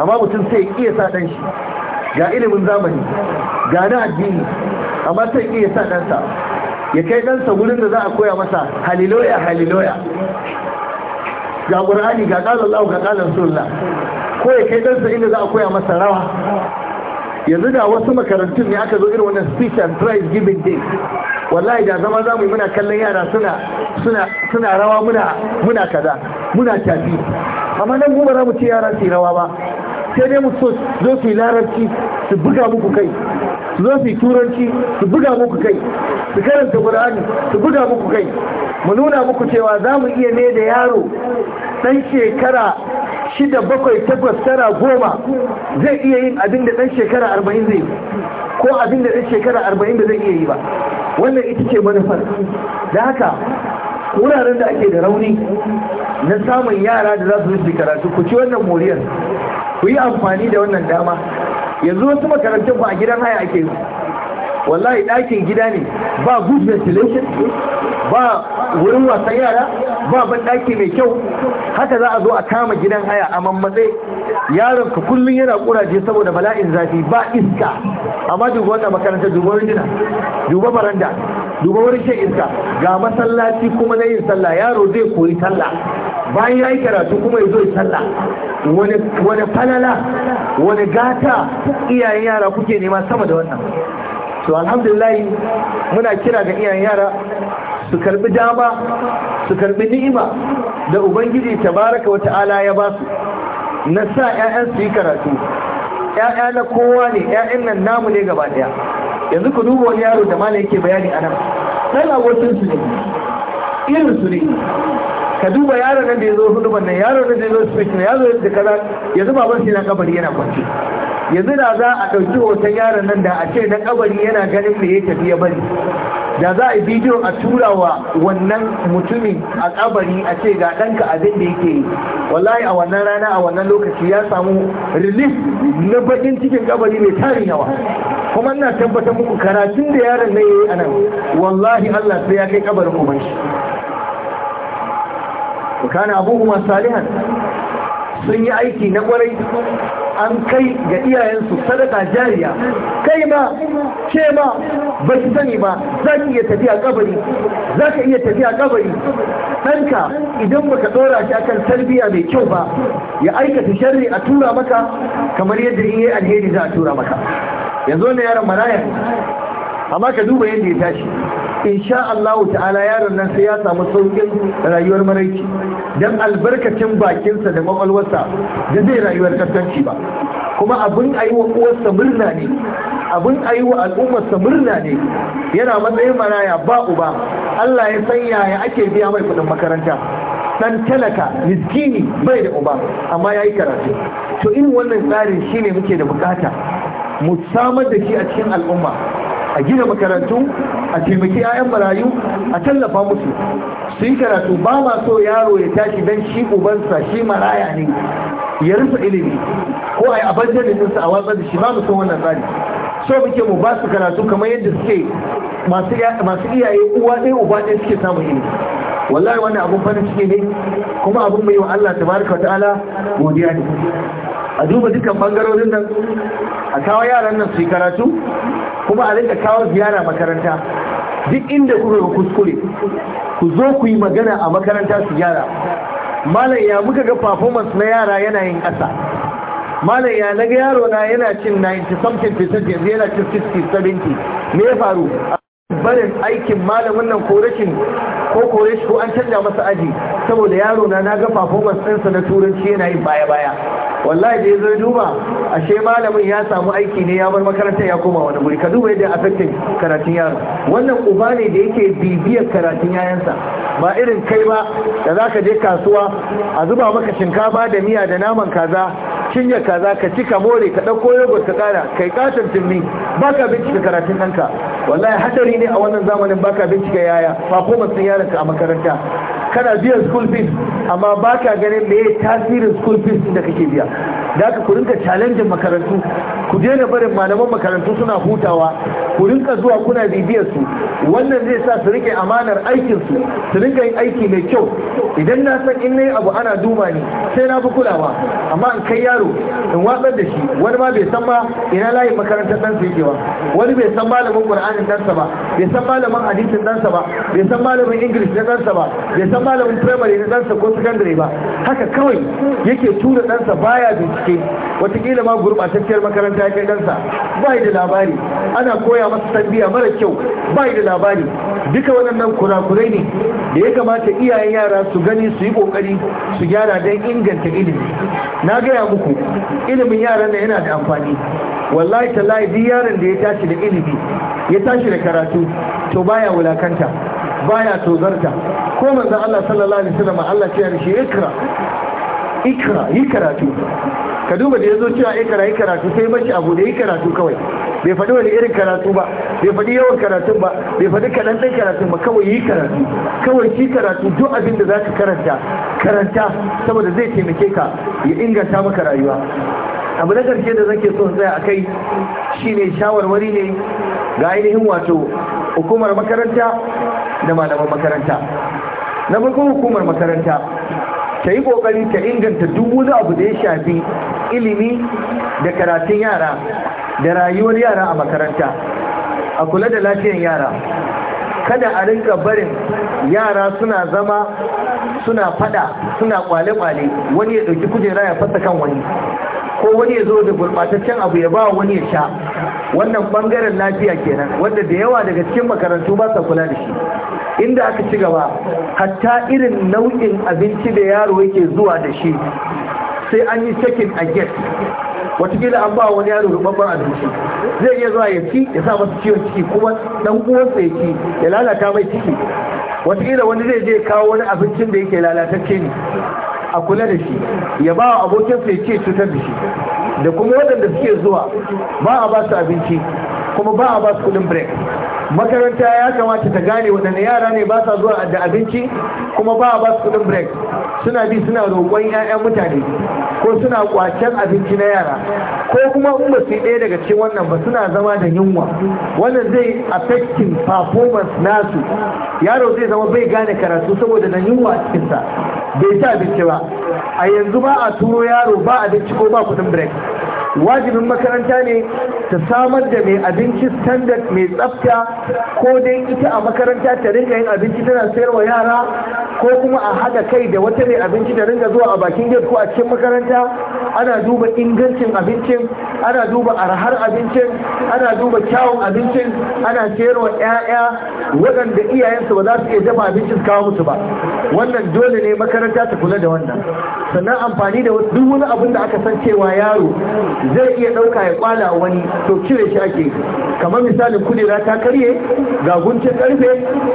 amma mutum sai iya sa dan shi ga ilimin zamani ga na addini amma sai iya sa ɗansa ya kai ɗansa wurin da za a koya masa haliloya haliloya ga ƙur'ani ga ƙalar la'u, ga ƙalar sulla ko ya kai ɗansa inda za a koya masa rawa yanzu da wasu makarantun ne aka zo irin wannan speech and prize giving day wallahi da zama za mu yi muna kallon yara suna suna suna rawa muna muna kaza muna tafi amma nan mu za mu ce yara su rawa ba sai dai musu zo su yi larabci su buga muku kai su zo su yi turanci su buga muku kai su karanta qur'ani su buga muku kai mu nuna muku cewa za mu iya ne da yaro ɗan shekara shida bakwai takwas tara goma zai iya yin abin da ɗan shekara arba'in zai ko abin da ɗan shekara arba'in da zai iya yi ba wannan ita ce manufar da haka wuraren da ake da rauni na samun yara da za su yi karatu ku ci wannan moriyar ku yi amfani da wannan dama yanzu wasu makarantar ba a gidan haya ake yi wallahi ɗakin gida ne ba good ventilation ba wurin wasan yara ba ban ɗaki mai kyau haka za a zo a kama gidan haya a mammatse yaron ka kullum yana kuraje saboda bala'in zafi ba iska amma duba wata makarantar duba rijina duba baranda duba wurin shan iska ga masallaci kuma na yin sallah yaro zai koyi sallah bayan ya yi karatu kuma ya zo ya sallah wani falala wani gata iyayen yara kuke nema sama da wannan to alhamdulillah muna kira ga iyayen yara su karbi dama su karbi ni'ima da ubangiji ta baraka wa ta'ala ya basu. su na sa 'ya'yan su yi karatu 'ya'ya na kowa ne 'ya'yan nan namu ne gaba daya yanzu ku duba wani yaro da malam yake bayani a nan sai su ne irin ne ka duba yaron nan da ya zo huduban nan yaron nan da ya zo speech na yaro da kaza zuba ban sai na kabari yana kwanci yanzu da za a ɗauki hoton yaron nan da a ce na kabari yana ganin da ya tafi ya bari da za a bidiyo a tura wa wannan mutumin a kabari a ce ga ɗanka abin da yake yi wallahi a wannan rana a wannan lokaci ya samu relief na bakin cikin kabari mai tarin yawa kuma ina tabbatar muku karatun da yaron nan yayi anan wallahi Allah sai ya kai kabarin uban shi wa kana abuhuma salihan sun yi aiki na kwarai an kai ga iyayensu sadaka jariya kai ma ce ma ba su sani ba za ka iya tafiya kabari za ka iya tafiya kabari ɗanka idan baka tsora shi akan tarbiyya mai kyau ba ya aikata sharri a tura maka kamar yadda in yi alheri za a tura maka yanzu wannan yaron maraya amma ka duba yadda ya tashi insha Allah ta'ala yaron nan sai ya samu saukin rayuwar maraici dan albarkacin bakinsa da kwakwalwarsa da zai rayuwar kaskanci ba kuma abin a yi wa uwarsa murna ne abin a yi wa al'ummarsa murna ne yana matsayin maraya ba uba Allah ya san yaya ake biya mai kuɗin makaranta dan talaka miskini bai da uba amma ya yi karatu to irin wannan tsarin shine muke da bukata mu samar da shi a cikin al'umma a gina makarantu a taimaki 'ya'yan marayu a tallafa musu sun karatu ba ma so yaro ya tashi don shi ubansa shi maraya ne ya rufe ilimi ko a yi abandon a watsar da shi ba mu son wannan tsari so muke mu ba su karatu kamar yadda suke masu iyaye uwa ɗaya uba ɗaya suke samun ilimi wallahi wannan abun farin ciki ne kuma abin mai wa Allah tabaraka wa ta'ala godiya ne a duba dukkan bangarorin nan a kawo yaran nan su yi karatu kuma a rinka kawo ziyara makaranta duk inda kuka ga kuskure ku zo ku yi magana a makaranta su gyara malam ya muka ga performance na yara yana yin ƙasa malam ya na ga yaro na yana cin 90 something percent yanzu yana cin 60 70 me ya faru barin aikin malamin nan korashin ko kore ko an canja masa aji saboda yaro na na ga performance ɗinsa na turanci yana yin baya baya wallahi da ya zo duba ashe malamin ya samu aiki ne ya bar makaranta ya koma wani guri ka duba yadda affecting karatun yaro wannan uba ne da yake bibiyar karatun yayansa ba irin kai ba da za ka je kasuwa a zuba maka shinkafa da miya da naman kaza cinye kaza ka ci ka more ka ɗauko yogurt ka ƙara kai katon tumbi ba ka bincika karatun ɗanka wallahi hatsari ne a wannan zamanin ba ka bincika yaya ba ko masu ka a makaranta kana biyan school fees amma ba ka ganin me tasirin school fees da kake biya da aka ku rinka challenge makarantu ku je na barin malaman makarantu suna hutawa ku rinka zuwa kuna bibiyar su wannan zai sa su rike amanar aikin su su rinka yin aiki mai kyau idan na san in nayi abu ana duma ni sai na fi kulawa amma in kai yaro in watsar da shi wani ma bai san ma ina layin makarantar dan su yake ba wani bai san malamin qur'anin dansa ba bai san malamin hadisin ɗansa ba bai san malamin english na dansa ba bai san malamin primary na dansa ko secondary ba haka kawai yake tura ɗansa baya bincike watakila ma gurɓatacciyar makaranta ya kai ɗansa ba da labari ana koya masa tambiya mara kyau ba da labari duka waɗannan kurakurai ne da ya kamata iyayen yara su gani su yi ƙoƙari su gyara don inganta ilimi na gaya muku ilimin yaran na yana da amfani wallahi tallahi duk yaron da ya tashi da ilimi ya tashi da karatu to baya wulakanta baya tozarta ko manzo Allah sallallahu alaihi wasallam Allah ya shi ikra ikra yi karatu ka duba da yazo cewa ikra yi karatu sai bashi abu da yi karatu kawai bai faɗi wani irin karatu ba bai faɗi yawan karatun ba bai faɗi kaɗan ɗan karatun ba kawai yi karatu kawai shi karatu duk abin da za ka karanta karanta saboda zai taimake ka ya inganta maka rayuwa abu na karshe da zake so tsaya a kai shine shawarwari ne ga ainihin wato hukumar makaranta da malaman makaranta na farko hukumar makaranta ta yi kokari ta inganta duk wani abu da ya shafi ilimi da karatun yara da rayuwar yara a makaranta a kula da lafiyar yara kada a rinka barin yara suna zama suna fada suna kwale-kwale wani ya ɗauki kujera ya fasa kan wani ko wani ya zo da gurbataccen abu ya ba wani ya sha wannan bangaren lafiya kenan wanda da yawa daga cikin makarantu ba sa kula da shi inda aka ci gaba hatta irin nau'in abinci da yaro yake zuwa da shi sai an yi cikin a get watakila an ba wani yaro rubabban abinci zai iya zuwa ya ci ya sa masa ciwon ciki kuma dan uwansa ya ci ya lalata mai ciki watakila wani zai je kawo wani abincin da yake lalatacce ne a kula da shi ya ba wa abokin ya ce cutar da shi da kuma waɗanda suke zuwa ba a ba su abinci kuma ba a ba su kudin break makaranta ya kamata ta gane waɗanne yara ne ba sa zuwa da abinci kuma ba a ba su kudin break suna bi suna roƙon 'ya'yan mutane ko suna kwacen abinci na yara ko kuma in ba su yi ɗaya daga cikin wannan ba suna zama da yunwa wannan zai affecting performance nasu yaro zai zama bai gane karatu saboda da yunwa a cikinsa bai ci abinci ba a yanzu ba a turo yaro ba abinci ko ba kudin break wajibin makaranta ne ta samar da mai abinci standard mai tsafta ko dai ita a makaranta ta ringa yin abinci tana sayarwa yara ko kuma a haɗa kai da wata mai abinci ta ringa zuwa a bakin gate ko a cikin makaranta ana duba ingancin abincin ana duba arhar abincin ana duba kyawun abincin ana sayarwa 'ya'ya waɗanda iyayensu ba za su iya dafa abincin kawo musu ba wannan dole ne makaranta ta kula da wannan sannan amfani da duk wani abin da aka san cewa yaro zai iya ɗauka ya kwala wani to cire shi ake kamar misalin kudera ta karye ga guntun karfe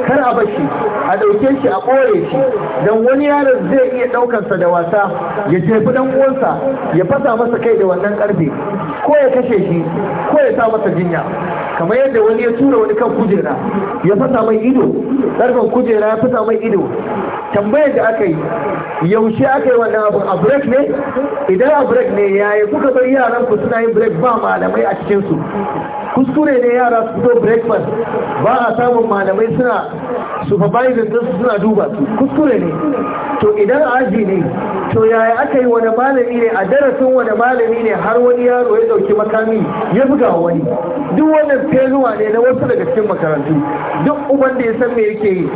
kar a bashi a ɗauke shi a ƙore shi don wani yaron zai iya ɗaukarsa da wasa ya jefi ɗan uwansa ya fasa masa kai da wannan karfe ko ya kashe shi ko ya sa masa jinya kamar yadda wani ya tura wani kan kujera ya fasa mai ido ƙarfen kujera ya fasa mai ido tambayar da aka yi yaushe aka yi wannan abu a break ne idan a break ne yayi kuka bar yaran yaran ku suna yin break ba malamai a cikin su kuskure ne yara su fito breakfast ba a samun malamai suna supervising din su suna duba su kuskure ne to idan aji ne to yaya aka yi wani malami ne a darasin wani malami ne har wani yaro ya dauki makami ya buga wani duk wannan feluwa ne na wasu daga cikin makarantu duk uban da ya san me yake yi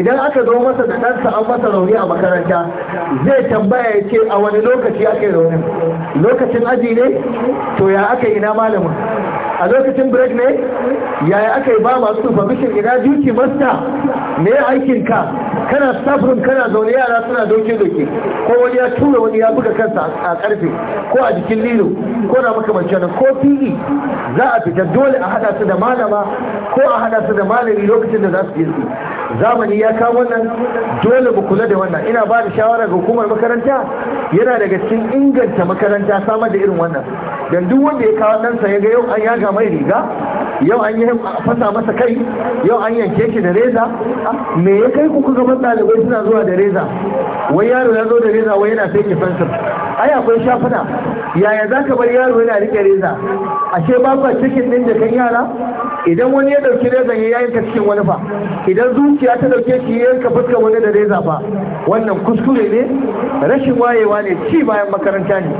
idan aka zo masa da ɗansa an masa rauni a makaranta zai tambaya ya ce a wani lokaci aka yi raunin lokacin aji ne to ya aka yi na malamin a lokacin break ne yaya aka yi ba masu permission ina duty master me aikin ka kana staffroom kana zaune yara suna doke doke ko wani ya tura wani ya buga kansa a karfe ko a jikin lilo ko na makamancin ko fili e, za a fita dole a hada su da malama ko a hada su da malami lokacin da za su yi zamani ya kawo wannan dole mu kula da wannan ina ba da shawara ga hukumar makaranta yana daga cikin inganta makaranta samar da irin wannan dan duk wanda ya kawo ɗansa ya ga yau an yaga mai riga yau an yi fasa masa kai yau an yanke shi da reza ah, me ya kai ku kuka ɗalibai suna zuwa da reza wai yaro ya zo da reza wai yana ke fansa ai akwai shafuna yaya za ka bar yaro yana rike reza ashe ba ba cikin din da kan yara idan wani ya dauki ne ya yanka cikin wani fa idan zuciya ta dauke shi ya yanka fuskar wani da reza fa wannan kuskure ne rashin wayewa ne ci bayan makaranta ne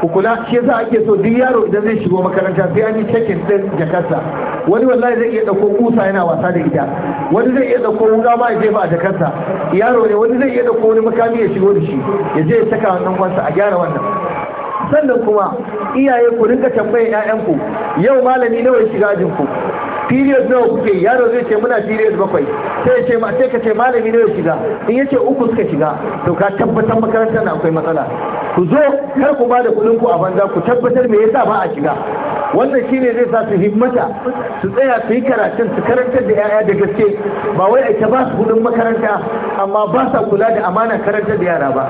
ku kula shi yasa ake so duk yaro idan zai shigo makaranta sai an yi cikin din jakarsa wani wallahi zai iya dauko kusa yana wasa da ita wani zai iya dauko wuga ma ya jefa a jakarsa yaro ne wani zai iya dauko wani makami ya shigo da shi ya je ya saka wannan kwansa a gyara wannan sannan kuma iyaye ku rinka tambayar ƴaƴanku yau malami nawa ya shiga ajin ku. period nawa kuke yaro zai ce muna period bakwai sai ce sai ka ce malami nawa ya shiga in yace uku suka shiga to ka tabbatar makarantar na akwai matsala ku zo kar ku bada kuɗin ku a banza ku tabbatar me yasa ba a shiga wannan ne zai sa su himmata su tsaya su yi karatun su karantar da 'ya'ya da gaske ba wai ake ba su kudin makaranta amma ba sa kula da amana karantar da yara ba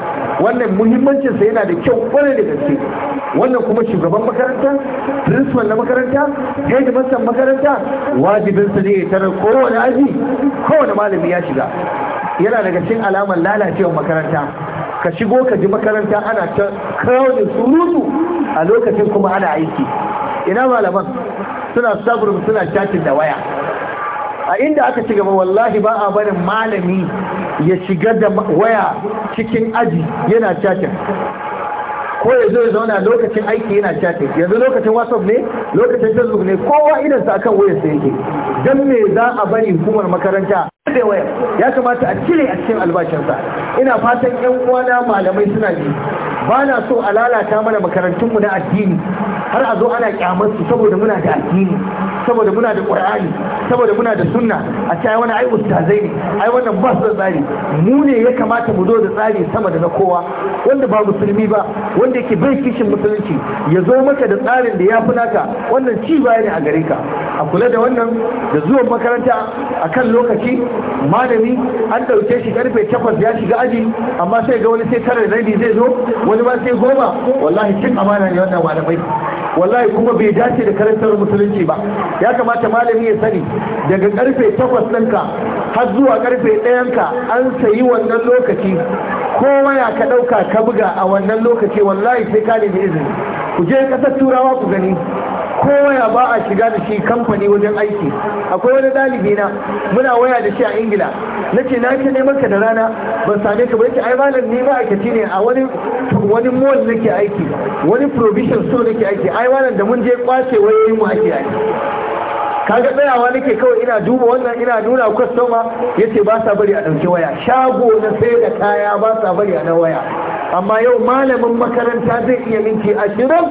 wannan muhimmancin sa yana da kyau kwarai da gaske wannan kuma shugaban makaranta principal na makaranta headmaster makaranta wajibin su ne tare kowane aji kowane malami ya shiga yana daga cikin alamar lalacewar makaranta ka shigo ka ji makaranta ana ta kawo da surutu a lokacin kuma ana aiki ina malaman suna sabrum suna cakin da waya a inda aka ci gaba wallahi ba a barin malami ya shiga da waya cikin aji yana cakin ko ya zo ya zauna lokacin aiki yana chatting yanzu lokacin whatsapp ne lokacin facebook ne kowa sa akan wayarsa yake dan me za a bari hukumar makaranta da waya, ya kamata a cire a cikin albashinsa ina fatan yan uwana malamai suna ji ba na so a lalata mana makarantunmu na addini har a zo ana kyamarsu saboda muna da addini saboda muna da ƙwar'ani saboda muna da sunna a ce ai wani ai ustazai ne ai wannan ba su da tsari mu ne ya kamata mu zo da tsari sama da na kowa wanda ba musulmi ba wanda yake bai kishin musulunci ya zo maka da tsarin da ya fi naka wannan ci baya ne a gare ka a kula da wannan da zuwan makaranta a kan lokaci malami an ɗauke shi karfe takwas ya shiga aji amma sai ga wani sai tara da zai zo wani ba sai goma wallahi cin amana ne wannan malamai wallahi kuma bai dace da karantar musulunci ba ya kamata malami ya sani daga karfe takwas ɗinka har zuwa karfe ɗayanka an sayi wannan lokaci kowa ya ka ɗauka ka buga a wannan lokaci wallahi sai ka nemi izini ku je ƙasar turawa ku gani kowa ba a shiga da shi kamfani wajen aiki akwai wani ɗalibi na muna waya da shi a ingila nake na ka neman ka da rana ban same ka ba yake ai malam ni ma'aikaci ne a wani wani mall nake aiki wani provision store nake aiki ai malam da mun je kwace wayoyin mu ake aiki kaga tsayawa nake kawai ina duba wannan ina nuna kwastoma ce ba sa bari a ɗauki waya shago na sai da kaya ba sa bari a na waya amma yau malamin makaranta zai iya minti ashirin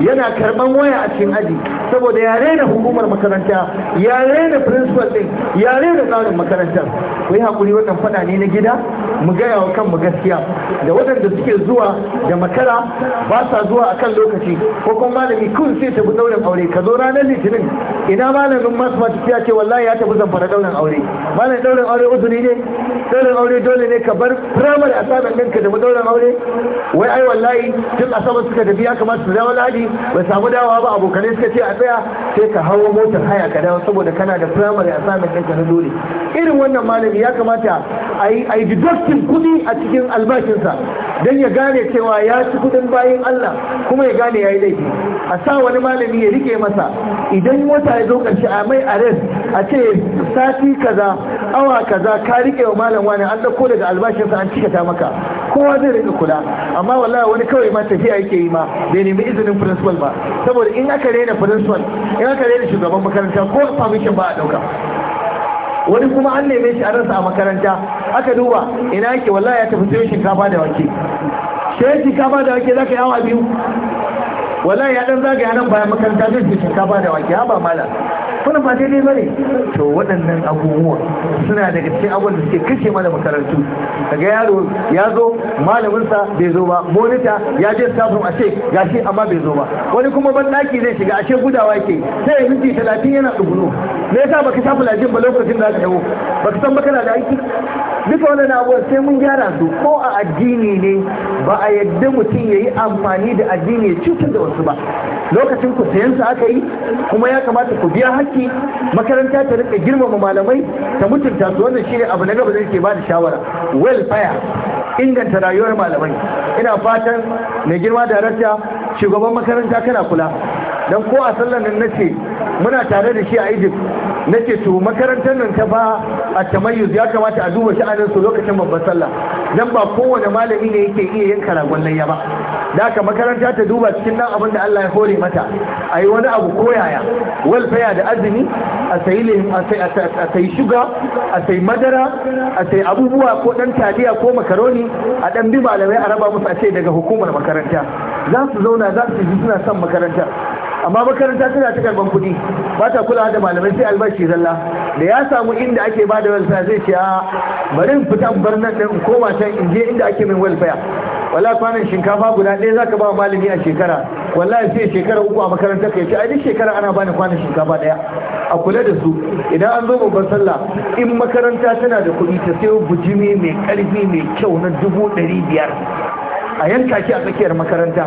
yana karɓan waya a cikin aji saboda ya raina hukumar makaranta ya raina principal din ya raina tsarin makarantar ku yi hakuri wannan fada ne na gida mu gaya wa mu gaskiya da waɗanda suke zuwa da makara ba sa zuwa kan lokaci ko kuma malami kun sai tafi ɗaurin aure ka zo ranar litinin ina malami malamin masu ya ce wallahi ya tafi zamfara daurin aure malamin daurin aure uzuri ne daurin aure dole ne ka bar a assignment ɗinka da daurin aure wai ai wallahi tun asabar suka tafi ya kamata su zama ladi ba samu dawa ba abokanai suka ce a tsaya sai ka hawo motar haya ka dawo saboda kana da a assignment ɗinka na dole irin wannan malami ya kamata a yi a kuɗi a cikin albashinsa don ya gane cewa ya ci kuɗin bayan Allah kuma ya gane ya yi laifi a sa wani malami ya rike masa idan mota ya zo ƙarshe shi a mai arrest a ce sati kaza awa kaza ka rike wa malam wani an dauko daga albashinsa an ta maka kowa zai rika kula amma wallahi wani kawai ma tafiya yake yi ma bai nemi izinin principal ba saboda in aka rena principal in aka rena shugaban makaranta ko permission ba a dauka wani kuma an neme shi a ransa a makaranta aka duba ina yake wallahi ya tafi sayo shinkafa da wake sai shinkafa da wake zaka yawa biyu wallahi ya dan zaga yanan bayan makaranta zai shinkafa da wake ha ba mala wannan ba daidai ba ne to waɗannan abubuwa suna daga cikin abubuwan da suke kashe mana makarantu daga yaro ya zo malaminsa bai zo ba monita ya je sabon ashe gashi amma bai zo ba wani kuma ban ɗaki zai shiga ashe gudawa yake sai ya minti talatin yana dubuno me yasa baka sha fulajin ba lokacin da aka dawo baka san ba da aiki duka wannan abubuwan sai mun gyara su ko a addini ne ba a yadda mutum ya yi amfani da addini ya cutar da wasu ba lokacin ku sayan su aka yi kuma ya kamata ku biya haƙƙi makaranta ta rika girmama malamai ta mutunta su wannan shine abu na gaba da ke ba da shawara fire inganta rayuwar malamai ina fatan mai girma da rasha shugaban makaranta kana kula don ko a sallar nan nace muna tare da shi a Egypt nake to makarantar nan ta ba a tamayyuz ya kamata a duba sha'anin su lokacin babban sallah dan ba kowane malami ne yake iya yin karagon layya ba da haka makaranta ta duba cikin nan abin da Allah ya hore mata a yi wani abu koyaya walfaya da azumi a sayi a sayi shuga a sayi madara a sayi abubuwa ko dan taliya ko makaroni a dan bi malamai a raba musu a ce daga hukumar makaranta za su zauna za su ji suna son makaranta amma makaranta tana ta karban kuɗi ba ta kula da malamai sai albashi zalla da ya samu inda ake ba da welfare zai ce a bari fita bar nan ɗin koma ta in je inda ake min walfaya wala kwanan shinkafa guda ɗaya za ka ba malami a shekara wallahi sai shekara uku a makaranta ka yace a duk shekara ana bani kwanan shinkafa ɗaya a kula da su idan an zo babban sallah in makaranta tana da kuɗi ta sayo bujimi mai ƙarfi mai kyau na dubu ɗari biyar a yanka ki a tsakiyar makaranta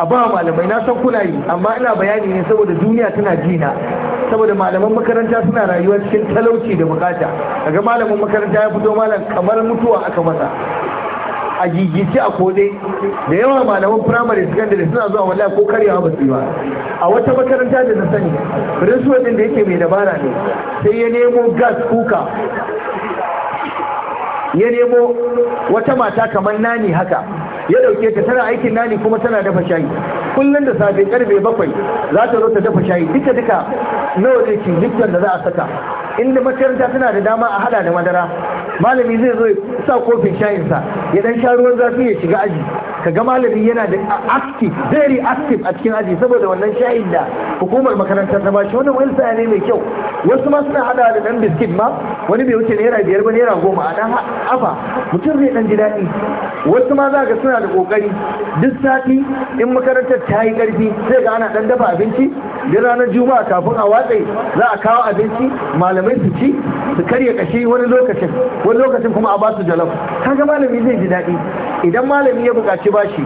a ba malamai na san kuna yi amma ina bayani ne saboda duniya tana jina saboda malaman makaranta suna rayuwa cikin talauci da bukata kaga malamin makaranta ya fito malam kamar mutuwa aka masa a gigice a kode da yawa malaman firamare secondary suna zuwa wallahi ko karyawa ba su ba a wata makaranta da na sani principal din da yake mai dabara ne sai ya nemo gas kuka ya nemo wata mata kamar nani haka ya dauke ta tana aikin nani kuma tana dafa shayi kullum da safe karfe bakwai za ta zo ta dafa shayi duka duka nawa zai ci dukkan da za a saka inda makaranta tana da dama a hada da madara malami zai zo sa kofin shayinsa ya dan sha ruwan zafi ya shiga aji ka ga malami yana da active very active a cikin aji saboda wannan shayin da hukumar makarantar ta bashi wannan wani saya ne mai kyau wasu ma suna hada da dan biskit ma wani bai wuce naira biyar ba naira goma a dan afa mutum zai dan ji daɗi wasu ma za ga suna da kokari duk sati in makarantar ta yi ƙarfi sai ga ana ɗan dafa abinci da ranar juma'a kafin a watsa za a kawo abinci malamai su ci su karya kashi wani lokacin wani lokacin kuma a ba su jalof kaga malami zai ji daɗi idan malami ya buƙaci bashi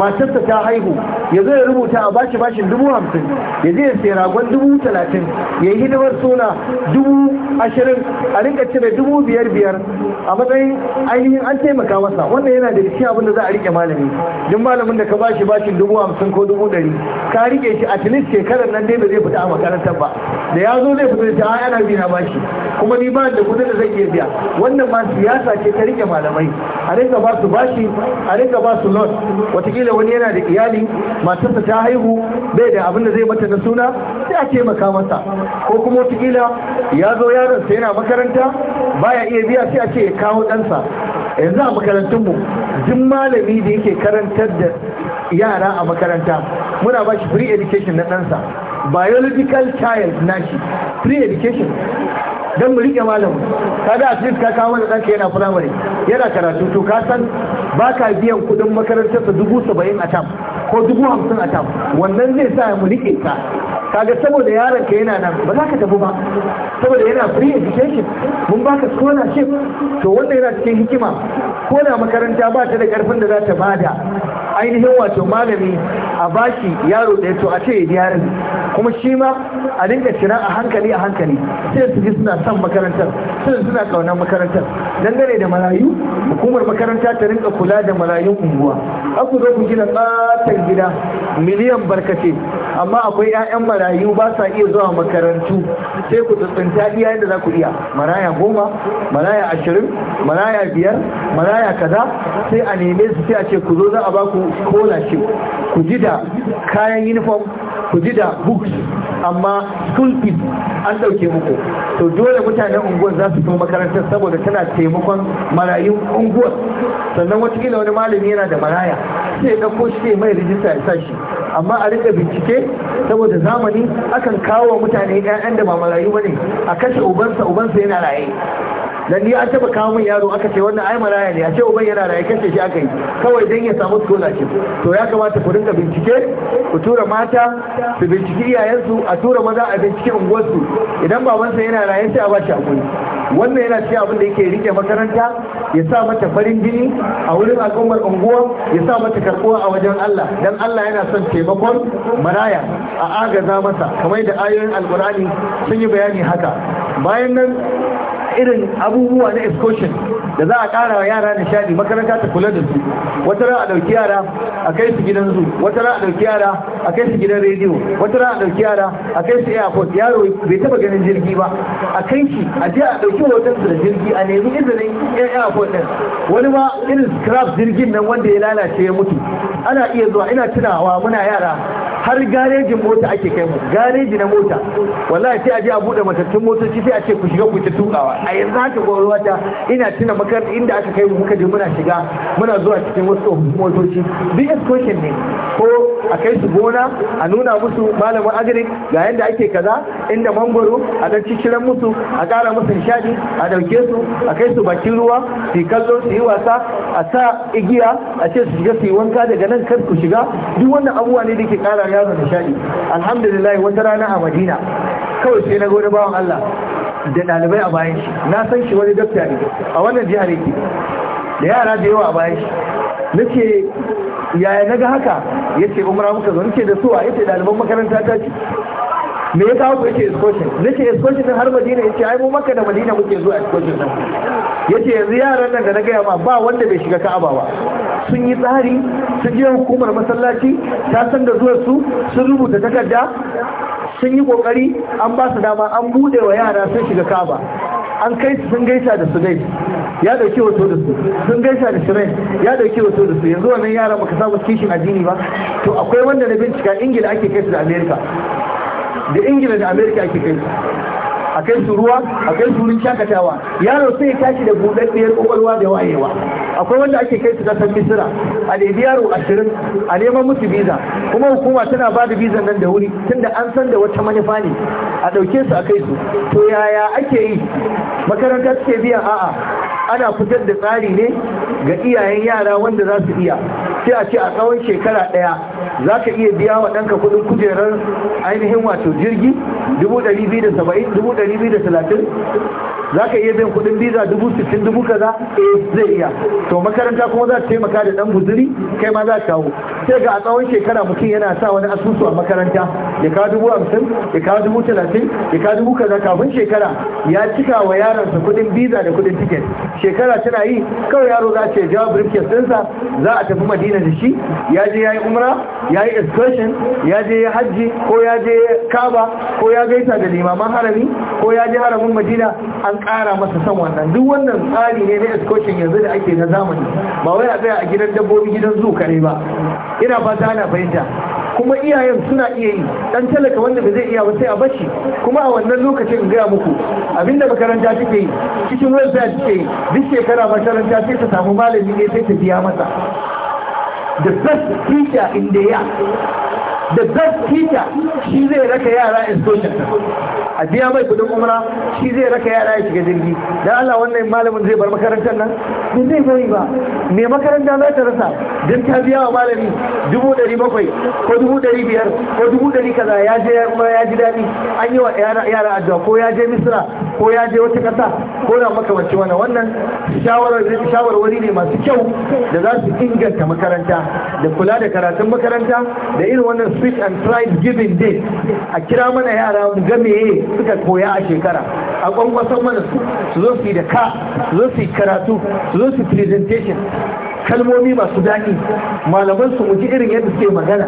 matarsa ta haihu ya zo ya rubuta a bashi bashin dubu hamsin ya zai sai ragon dubu talatin ya yi hidimar suna dubu ashirin a rinka cire dubu biyar biyar a matsayin ainihin an taimaka masa wannan yana da cikin abin da za a rike malami duk malamin da ka bashi bashin dubu hamsin ko dubu ɗari ka rike shi a tilis shekarar nan dai ba zai fita a makarantar ba da ya zo zai fita a ana biya bashi kuma ni ba da kudin da zai iya biya wannan ma siyasa ce ta rike malamai a rinka ba su bashi a rinka ba su lot watakila wani yana da iyali matarsa ta haihu bai da abin da zai mata na suna sai a taimaka masa ko kuma watakila ya zo yaron sa yana makaranta baya iya biya sai a ce ya kawo ɗansa yanzu a makarantunmu duk malami da yake karantar da yara a makaranta muna ba shi free education na ɗansa biological child nashi free education don mu riƙe malamin kada a cikin ka kawo ɗanka yana firamare yana karatu to ka san ba ka biyan kudin makarantarsa dubu saba'in a tam ko dubu hamsin a tam wannan zai sa mu riƙe ka kaga saboda yaron ka yana nan ba za ka tafi ba saboda yana free education mun baka scholarship to wanda yana cikin hikima ko da makaranta ba ta da karfin da za ta bada ainihin wato malami a bashi yaro ɗaya to a ce ya yaron kuma shi ma a dinga cira a hankali a hankali sai su ji suna son makarantar sai suna ƙaunar makarantar dangane da marayu hukumar makaranta ta rinka kula da marayun unguwa aku zo ku gina tsatan gida miliyan barkace amma akwai 'ya'yan marayu ba sa iya zuwa makarantu sai ku tsuntsunta iya yadda za ku iya maraya goma maraya ashirin maraya biyar maraya kaza sai a neme su sai a ce ku zo za a ba ku kola ku ji da kayan uniform ku ji da books amma school fees an ɗauke muku to dole mutanen unguwar za su kuma makarantar saboda tana taimakon marayun unguwar sannan watakila wani malami yana da maraya sai ya ɗauko shi mai rijista ya sa amma a rika bincike saboda zamani akan kawo mutane 'ya'yan da ba marayu ba ne a kashe ubansa ubansa yana raye dan ni an taba kawo min yaro aka ce wannan ai maraya ne a ce uban yana raye kace shi aka yi kawai dan ya samu scholarship to ya kamata ku dinga bincike ku tura mata su binciki iyayensu a tura maza a bincike unguwarsu idan babansa yana raye sai a ba shi hakuri wannan yana cikin abin da yake rike makaranta ya sa mata farin jini a wurin al'ummar unguwa ya sa mata karbuwa a wajen Allah dan Allah yana son taimakon maraya a agaza masa kamar da ayoyin alkurani sun yi bayani haka bayan nan irin abubuwa na excursion da za a ƙara wa yara nishadi makaranta ta kula da su wata ra a ɗauki yara a kai su gidan zu wata ra a ɗauki yara a kai su gidan rediyo wata ra a ɗauki yara a kai su airport yaro bai taɓa ganin jirgi ba a kai shi a je a ɗauki hoton da jirgi a nemi izinin airport din wani ma irin scrap jirgin nan wanda ya lalace ya mutu ana iya zuwa ina tunawa muna yara har garejin mota ake kai mu gareji na mota wallahi sai a je a bude matattun motoci sai a ce ku shiga ku ta tukawa a yanzu haka gwamnati ta ina tuna makar inda aka kai mu muka je muna shiga muna zuwa cikin wasu motoci duk excursion ne ko a kai su gona a nuna musu malamin agri ga yadda ake kaza inda mangoro a dan ciciran musu a kara musu nishadi a dauke su a kai su bakin ruwa su kallo su yi wasa a sa igiya a ce su shiga su yi wanka daga nan kar ku shiga duk wannan abubuwa ne da ke kara yaro nishaɗi alhamdulillah wata rana a madina kawai sai na gode bawan allah da ɗalibai a bayan shi na san shi wani dokta ne a wannan jihar yake da yara da yawa a bayan shi na ce yaya na ga haka ya ce umra muka zo nake da suwa ya ce ɗaliban makaranta ta ce me ya kawo yake excursion nake excursion din har madina ce, ai mu makka da madina muke zuwa excursion din ce yanzu yaran nan da na gaya ma ba wanda bai shiga ka'aba ba sun yi tsari sun je hukumar masallaci ta san da zuwa su sun rubuta takarda sun yi kokari an ba su dama an bude wa yara sun shiga ka'aba an kai su sun gaisa da su dai ya dauki hoto da su sun gaisa da shirai ya dauki hoto da su yanzu wannan yara baka samu kishin addini ba to akwai wanda na bincika ingila ake kai su da amerika da ingila da amerika ke kai a kai su ruwa a kai su wurin shakatawa yaro sai tashi da buɗaɗɗiyar ƙwaƙwalwa da wayewa akwai wanda ake kai su san misira a ɗaiɗi yaro ashirin a neman musu biza kuma hukuma tana ba da bizan nan da wuri tun da an san da wata manufa ne a ɗauke su a kai su to yaya ake yi makaranta suke biya a'a ana fitar da tsari ne ga iyayen yara wanda za su iya sai a ce a tsawon shekara ɗaya za ka iya biya wa ɗanka kudin kujerar ainihin wato jirgi 2,230 za ka iya biyan kudin biza 60,000 kaza a eh, zai iya to makaranta kuma za ta taimaka da ɗan guzuri kai ma za ta kawo sai ga a tsawon shekara mutum yana sa wani asusu a makaranta ya kawo dubu hamsin ya kawo dubu talatin ya kawo dubu kaza kafin shekara ya cika wa yaronsa kudin biza da kudin tiket shekara tana yi kawai yaro za ce jawo briefcase ɗinsa za a tafi madina da shi ya je ya yi umra ya yi excursion ya je ya hajji ko ya je kaba ko ya gaita da limaman harami ko ya je haramin madina an kara masa san wannan duk wannan tsari ne na excursion yanzu da ake na zamani ba wai a tsaya a gidan dabbobi gidan zu kare ba ina fata ana fahimta kuma iyayen suna iya yi dan talaka wanda ba zai iya ba sai a bashi kuma a wannan lokacin gaya muku abinda makaranta take yi cikin website take yi duk shekara makaranta sai ta samu malami ne sai ta biya masa the best preacher in the year. da best teacher shi zai raka yara instruction a biya mai kudin umra shi zai raka yara ya shiga jirgi dan Allah wannan malamin zai bar makarantar nan me zai bari ba me makaranta za ta rasa dan ta biya wa malami dubu ɗari bakwai ko dubu ɗari biyar ko dubu ɗari kaza ya je ya ji daɗi an yi wa yara addu'a ko ya je Misira ko ya je wata ƙasa ko na makamanci wannan wannan shawarwari ne masu kyau da za su inganta makaranta da kula da karatun makaranta da irin wannan Fit and fried giving day a kira mana yara mu ga meye suka koya a shekara a kwankwason mana su zo su da ka su zo su karatu su zo su presentation kalmomi masu daɗi malaman su muji irin yadda suke magana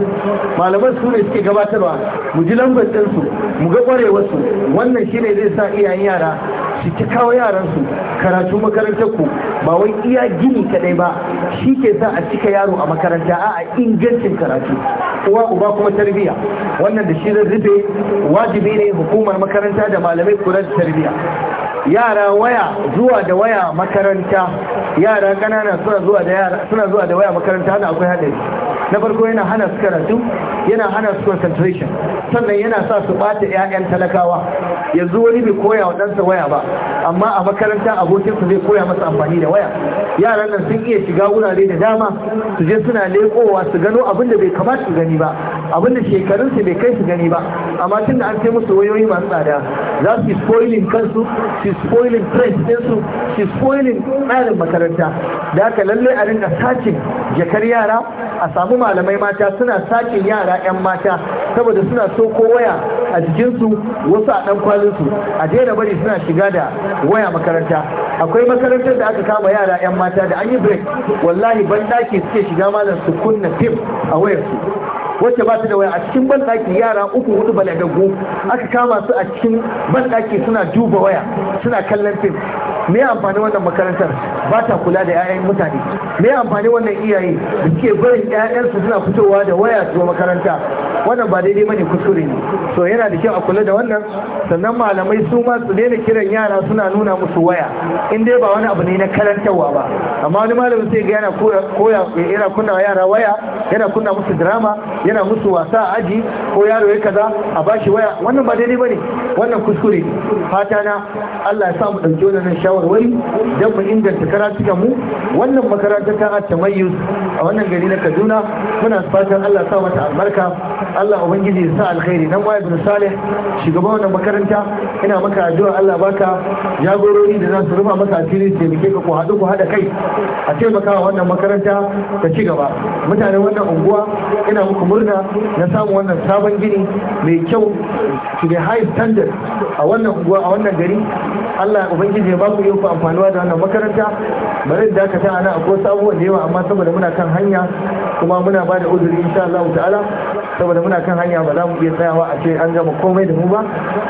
malaman su ne suke gabatarwa mu ji lambar ɗinsu mu ga ƙwarewarsu wannan shine zai sa iyayen yara su ta kawo yaransu karatu makarantar ku ba wai iya gini kadai ba shi ke sa a cika yaro a makaranta a ingancin karatu uwa uba kuma tarbiyya wannan da shi zan rufe wajibi ne hukumar makaranta da malamai kula da tarbiyya yara waya zuwa da waya makaranta yara kanana suna zuwa da waya makaranta hana akwai hadari na farko yana hana su karatu yana hana su concentration sannan yana sa su bata ƴaƴan talakawa yanzu wani bai koya wa ɗansa waya ba amma a makaranta abokinsa zai koya masa amfani da waya yaran nan sun iya shiga wurare da dama su je suna leƙowa su gano abin da bai kamata su gani ba abin da shekarunsu bai kai su gani ba amma tun da an sai musu wayoyi masu tsada za su spoiling kansu su spoiling trend din su spoiling tsarin makaranta da haka lallai a rinka sacin jakar yara a samu malamai mata suna sacin yara 'yan mata saboda suna so ko waya a jikinsu wasu a ɗan kwalinsu a daina bari suna shiga da waya makaranta akwai makarantar da aka kama yara 'yan mata da an yi break wallahi ban daki suke shiga malam su kunna fim a wayarsu wacce ba su da waya a cikin banɗaki yara uku hudu balagaggu aka kama su a cikin banɗaki suna duba waya suna kallon fim me amfani wannan makarantar ba ta kula da 'ya'yan mutane me amfani wannan iyaye da ke barin 'ya'yansu suna fitowa da waya zuwa makaranta wannan ba daidai bane kuskure ne so yana da kyau a kula da wannan sannan malamai su ma su daina kiran yara suna nuna musu waya in dai ba wani abu ne na karantarwa ba amma wani malamin sai ga yana koya yana kunna yara waya yana kunna musu drama yana musu wasa a aji ko yaro ya kaza a bashi waya wannan ba daidai bane wannan kuskure fata na Allah ya sa mu dauki wannan shawarwari dan mu inganta karatukan mu wannan makarantar ta Tamayyuz a wannan gari na Kaduna muna fatan Allah ya sa mata albarka Allah ubangiji ya sa alkhairi nan wa ibn Saleh shugaban wannan makaranta ina maka addu'a Allah baka jagorori da za su rufa maka asiri da muke ka ku haɗu ku haɗa kai a taimaka wannan makaranta ta ci gaba mutanen wannan unguwa ina muku murna na samu wannan sabon gini mai kyau to the high standard a wannan a wannan gari Allah ubangiji ya ba ku ku amfanuwa da wannan makaranta bari da dakata ana akwai sabuwar da yawa amma saboda muna kan hanya kuma muna ba da uzuri insha Allah ta'ala saboda muna kan hanya ba za mu iya tsayawa a ce an gama komai da mu ba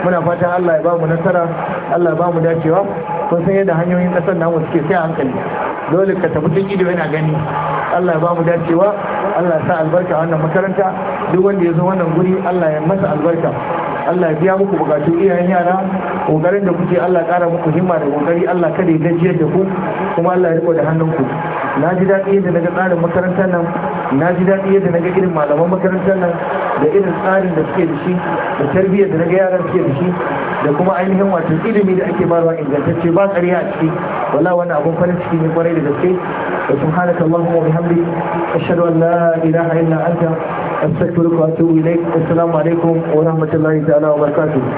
muna fatan Allah ya ba mu nasara Allah ya ba mu dacewa kun san yadda hanyoyin kasar namu suke sai hankali dole ka tafi tun ido yana gani Allah ya ba mu dacewa Allah ya sa albarka a wannan makaranta albarka duk wanda ya zo wannan guri Allah ya masa albarka Allah biya muku bukatu iyayen yara kokarin da kuke Allah kara muku himma da kokari Allah kada ya gajiyar da ku kuma Allah ya riko da hannunku na ji daɗi yadda naga tsarin makarantar nan na ji daɗi yadda naga irin malaman makarantar nan da irin tsarin da suke da shi da tarbiyyar da naga yaran suke da shi da kuma ainihin wato ilimi da ake barwa ingantacce ba ƙarya a ciki wallahi wannan abun farin ciki ne kwarai da gaske wa subhanaka allahumma wa bihamdik ashhadu an la ilaha illa anta astaghfiruka wa atubu ilaik assalamu alaikum wa rahmatullahi ta'ala wa barakatuh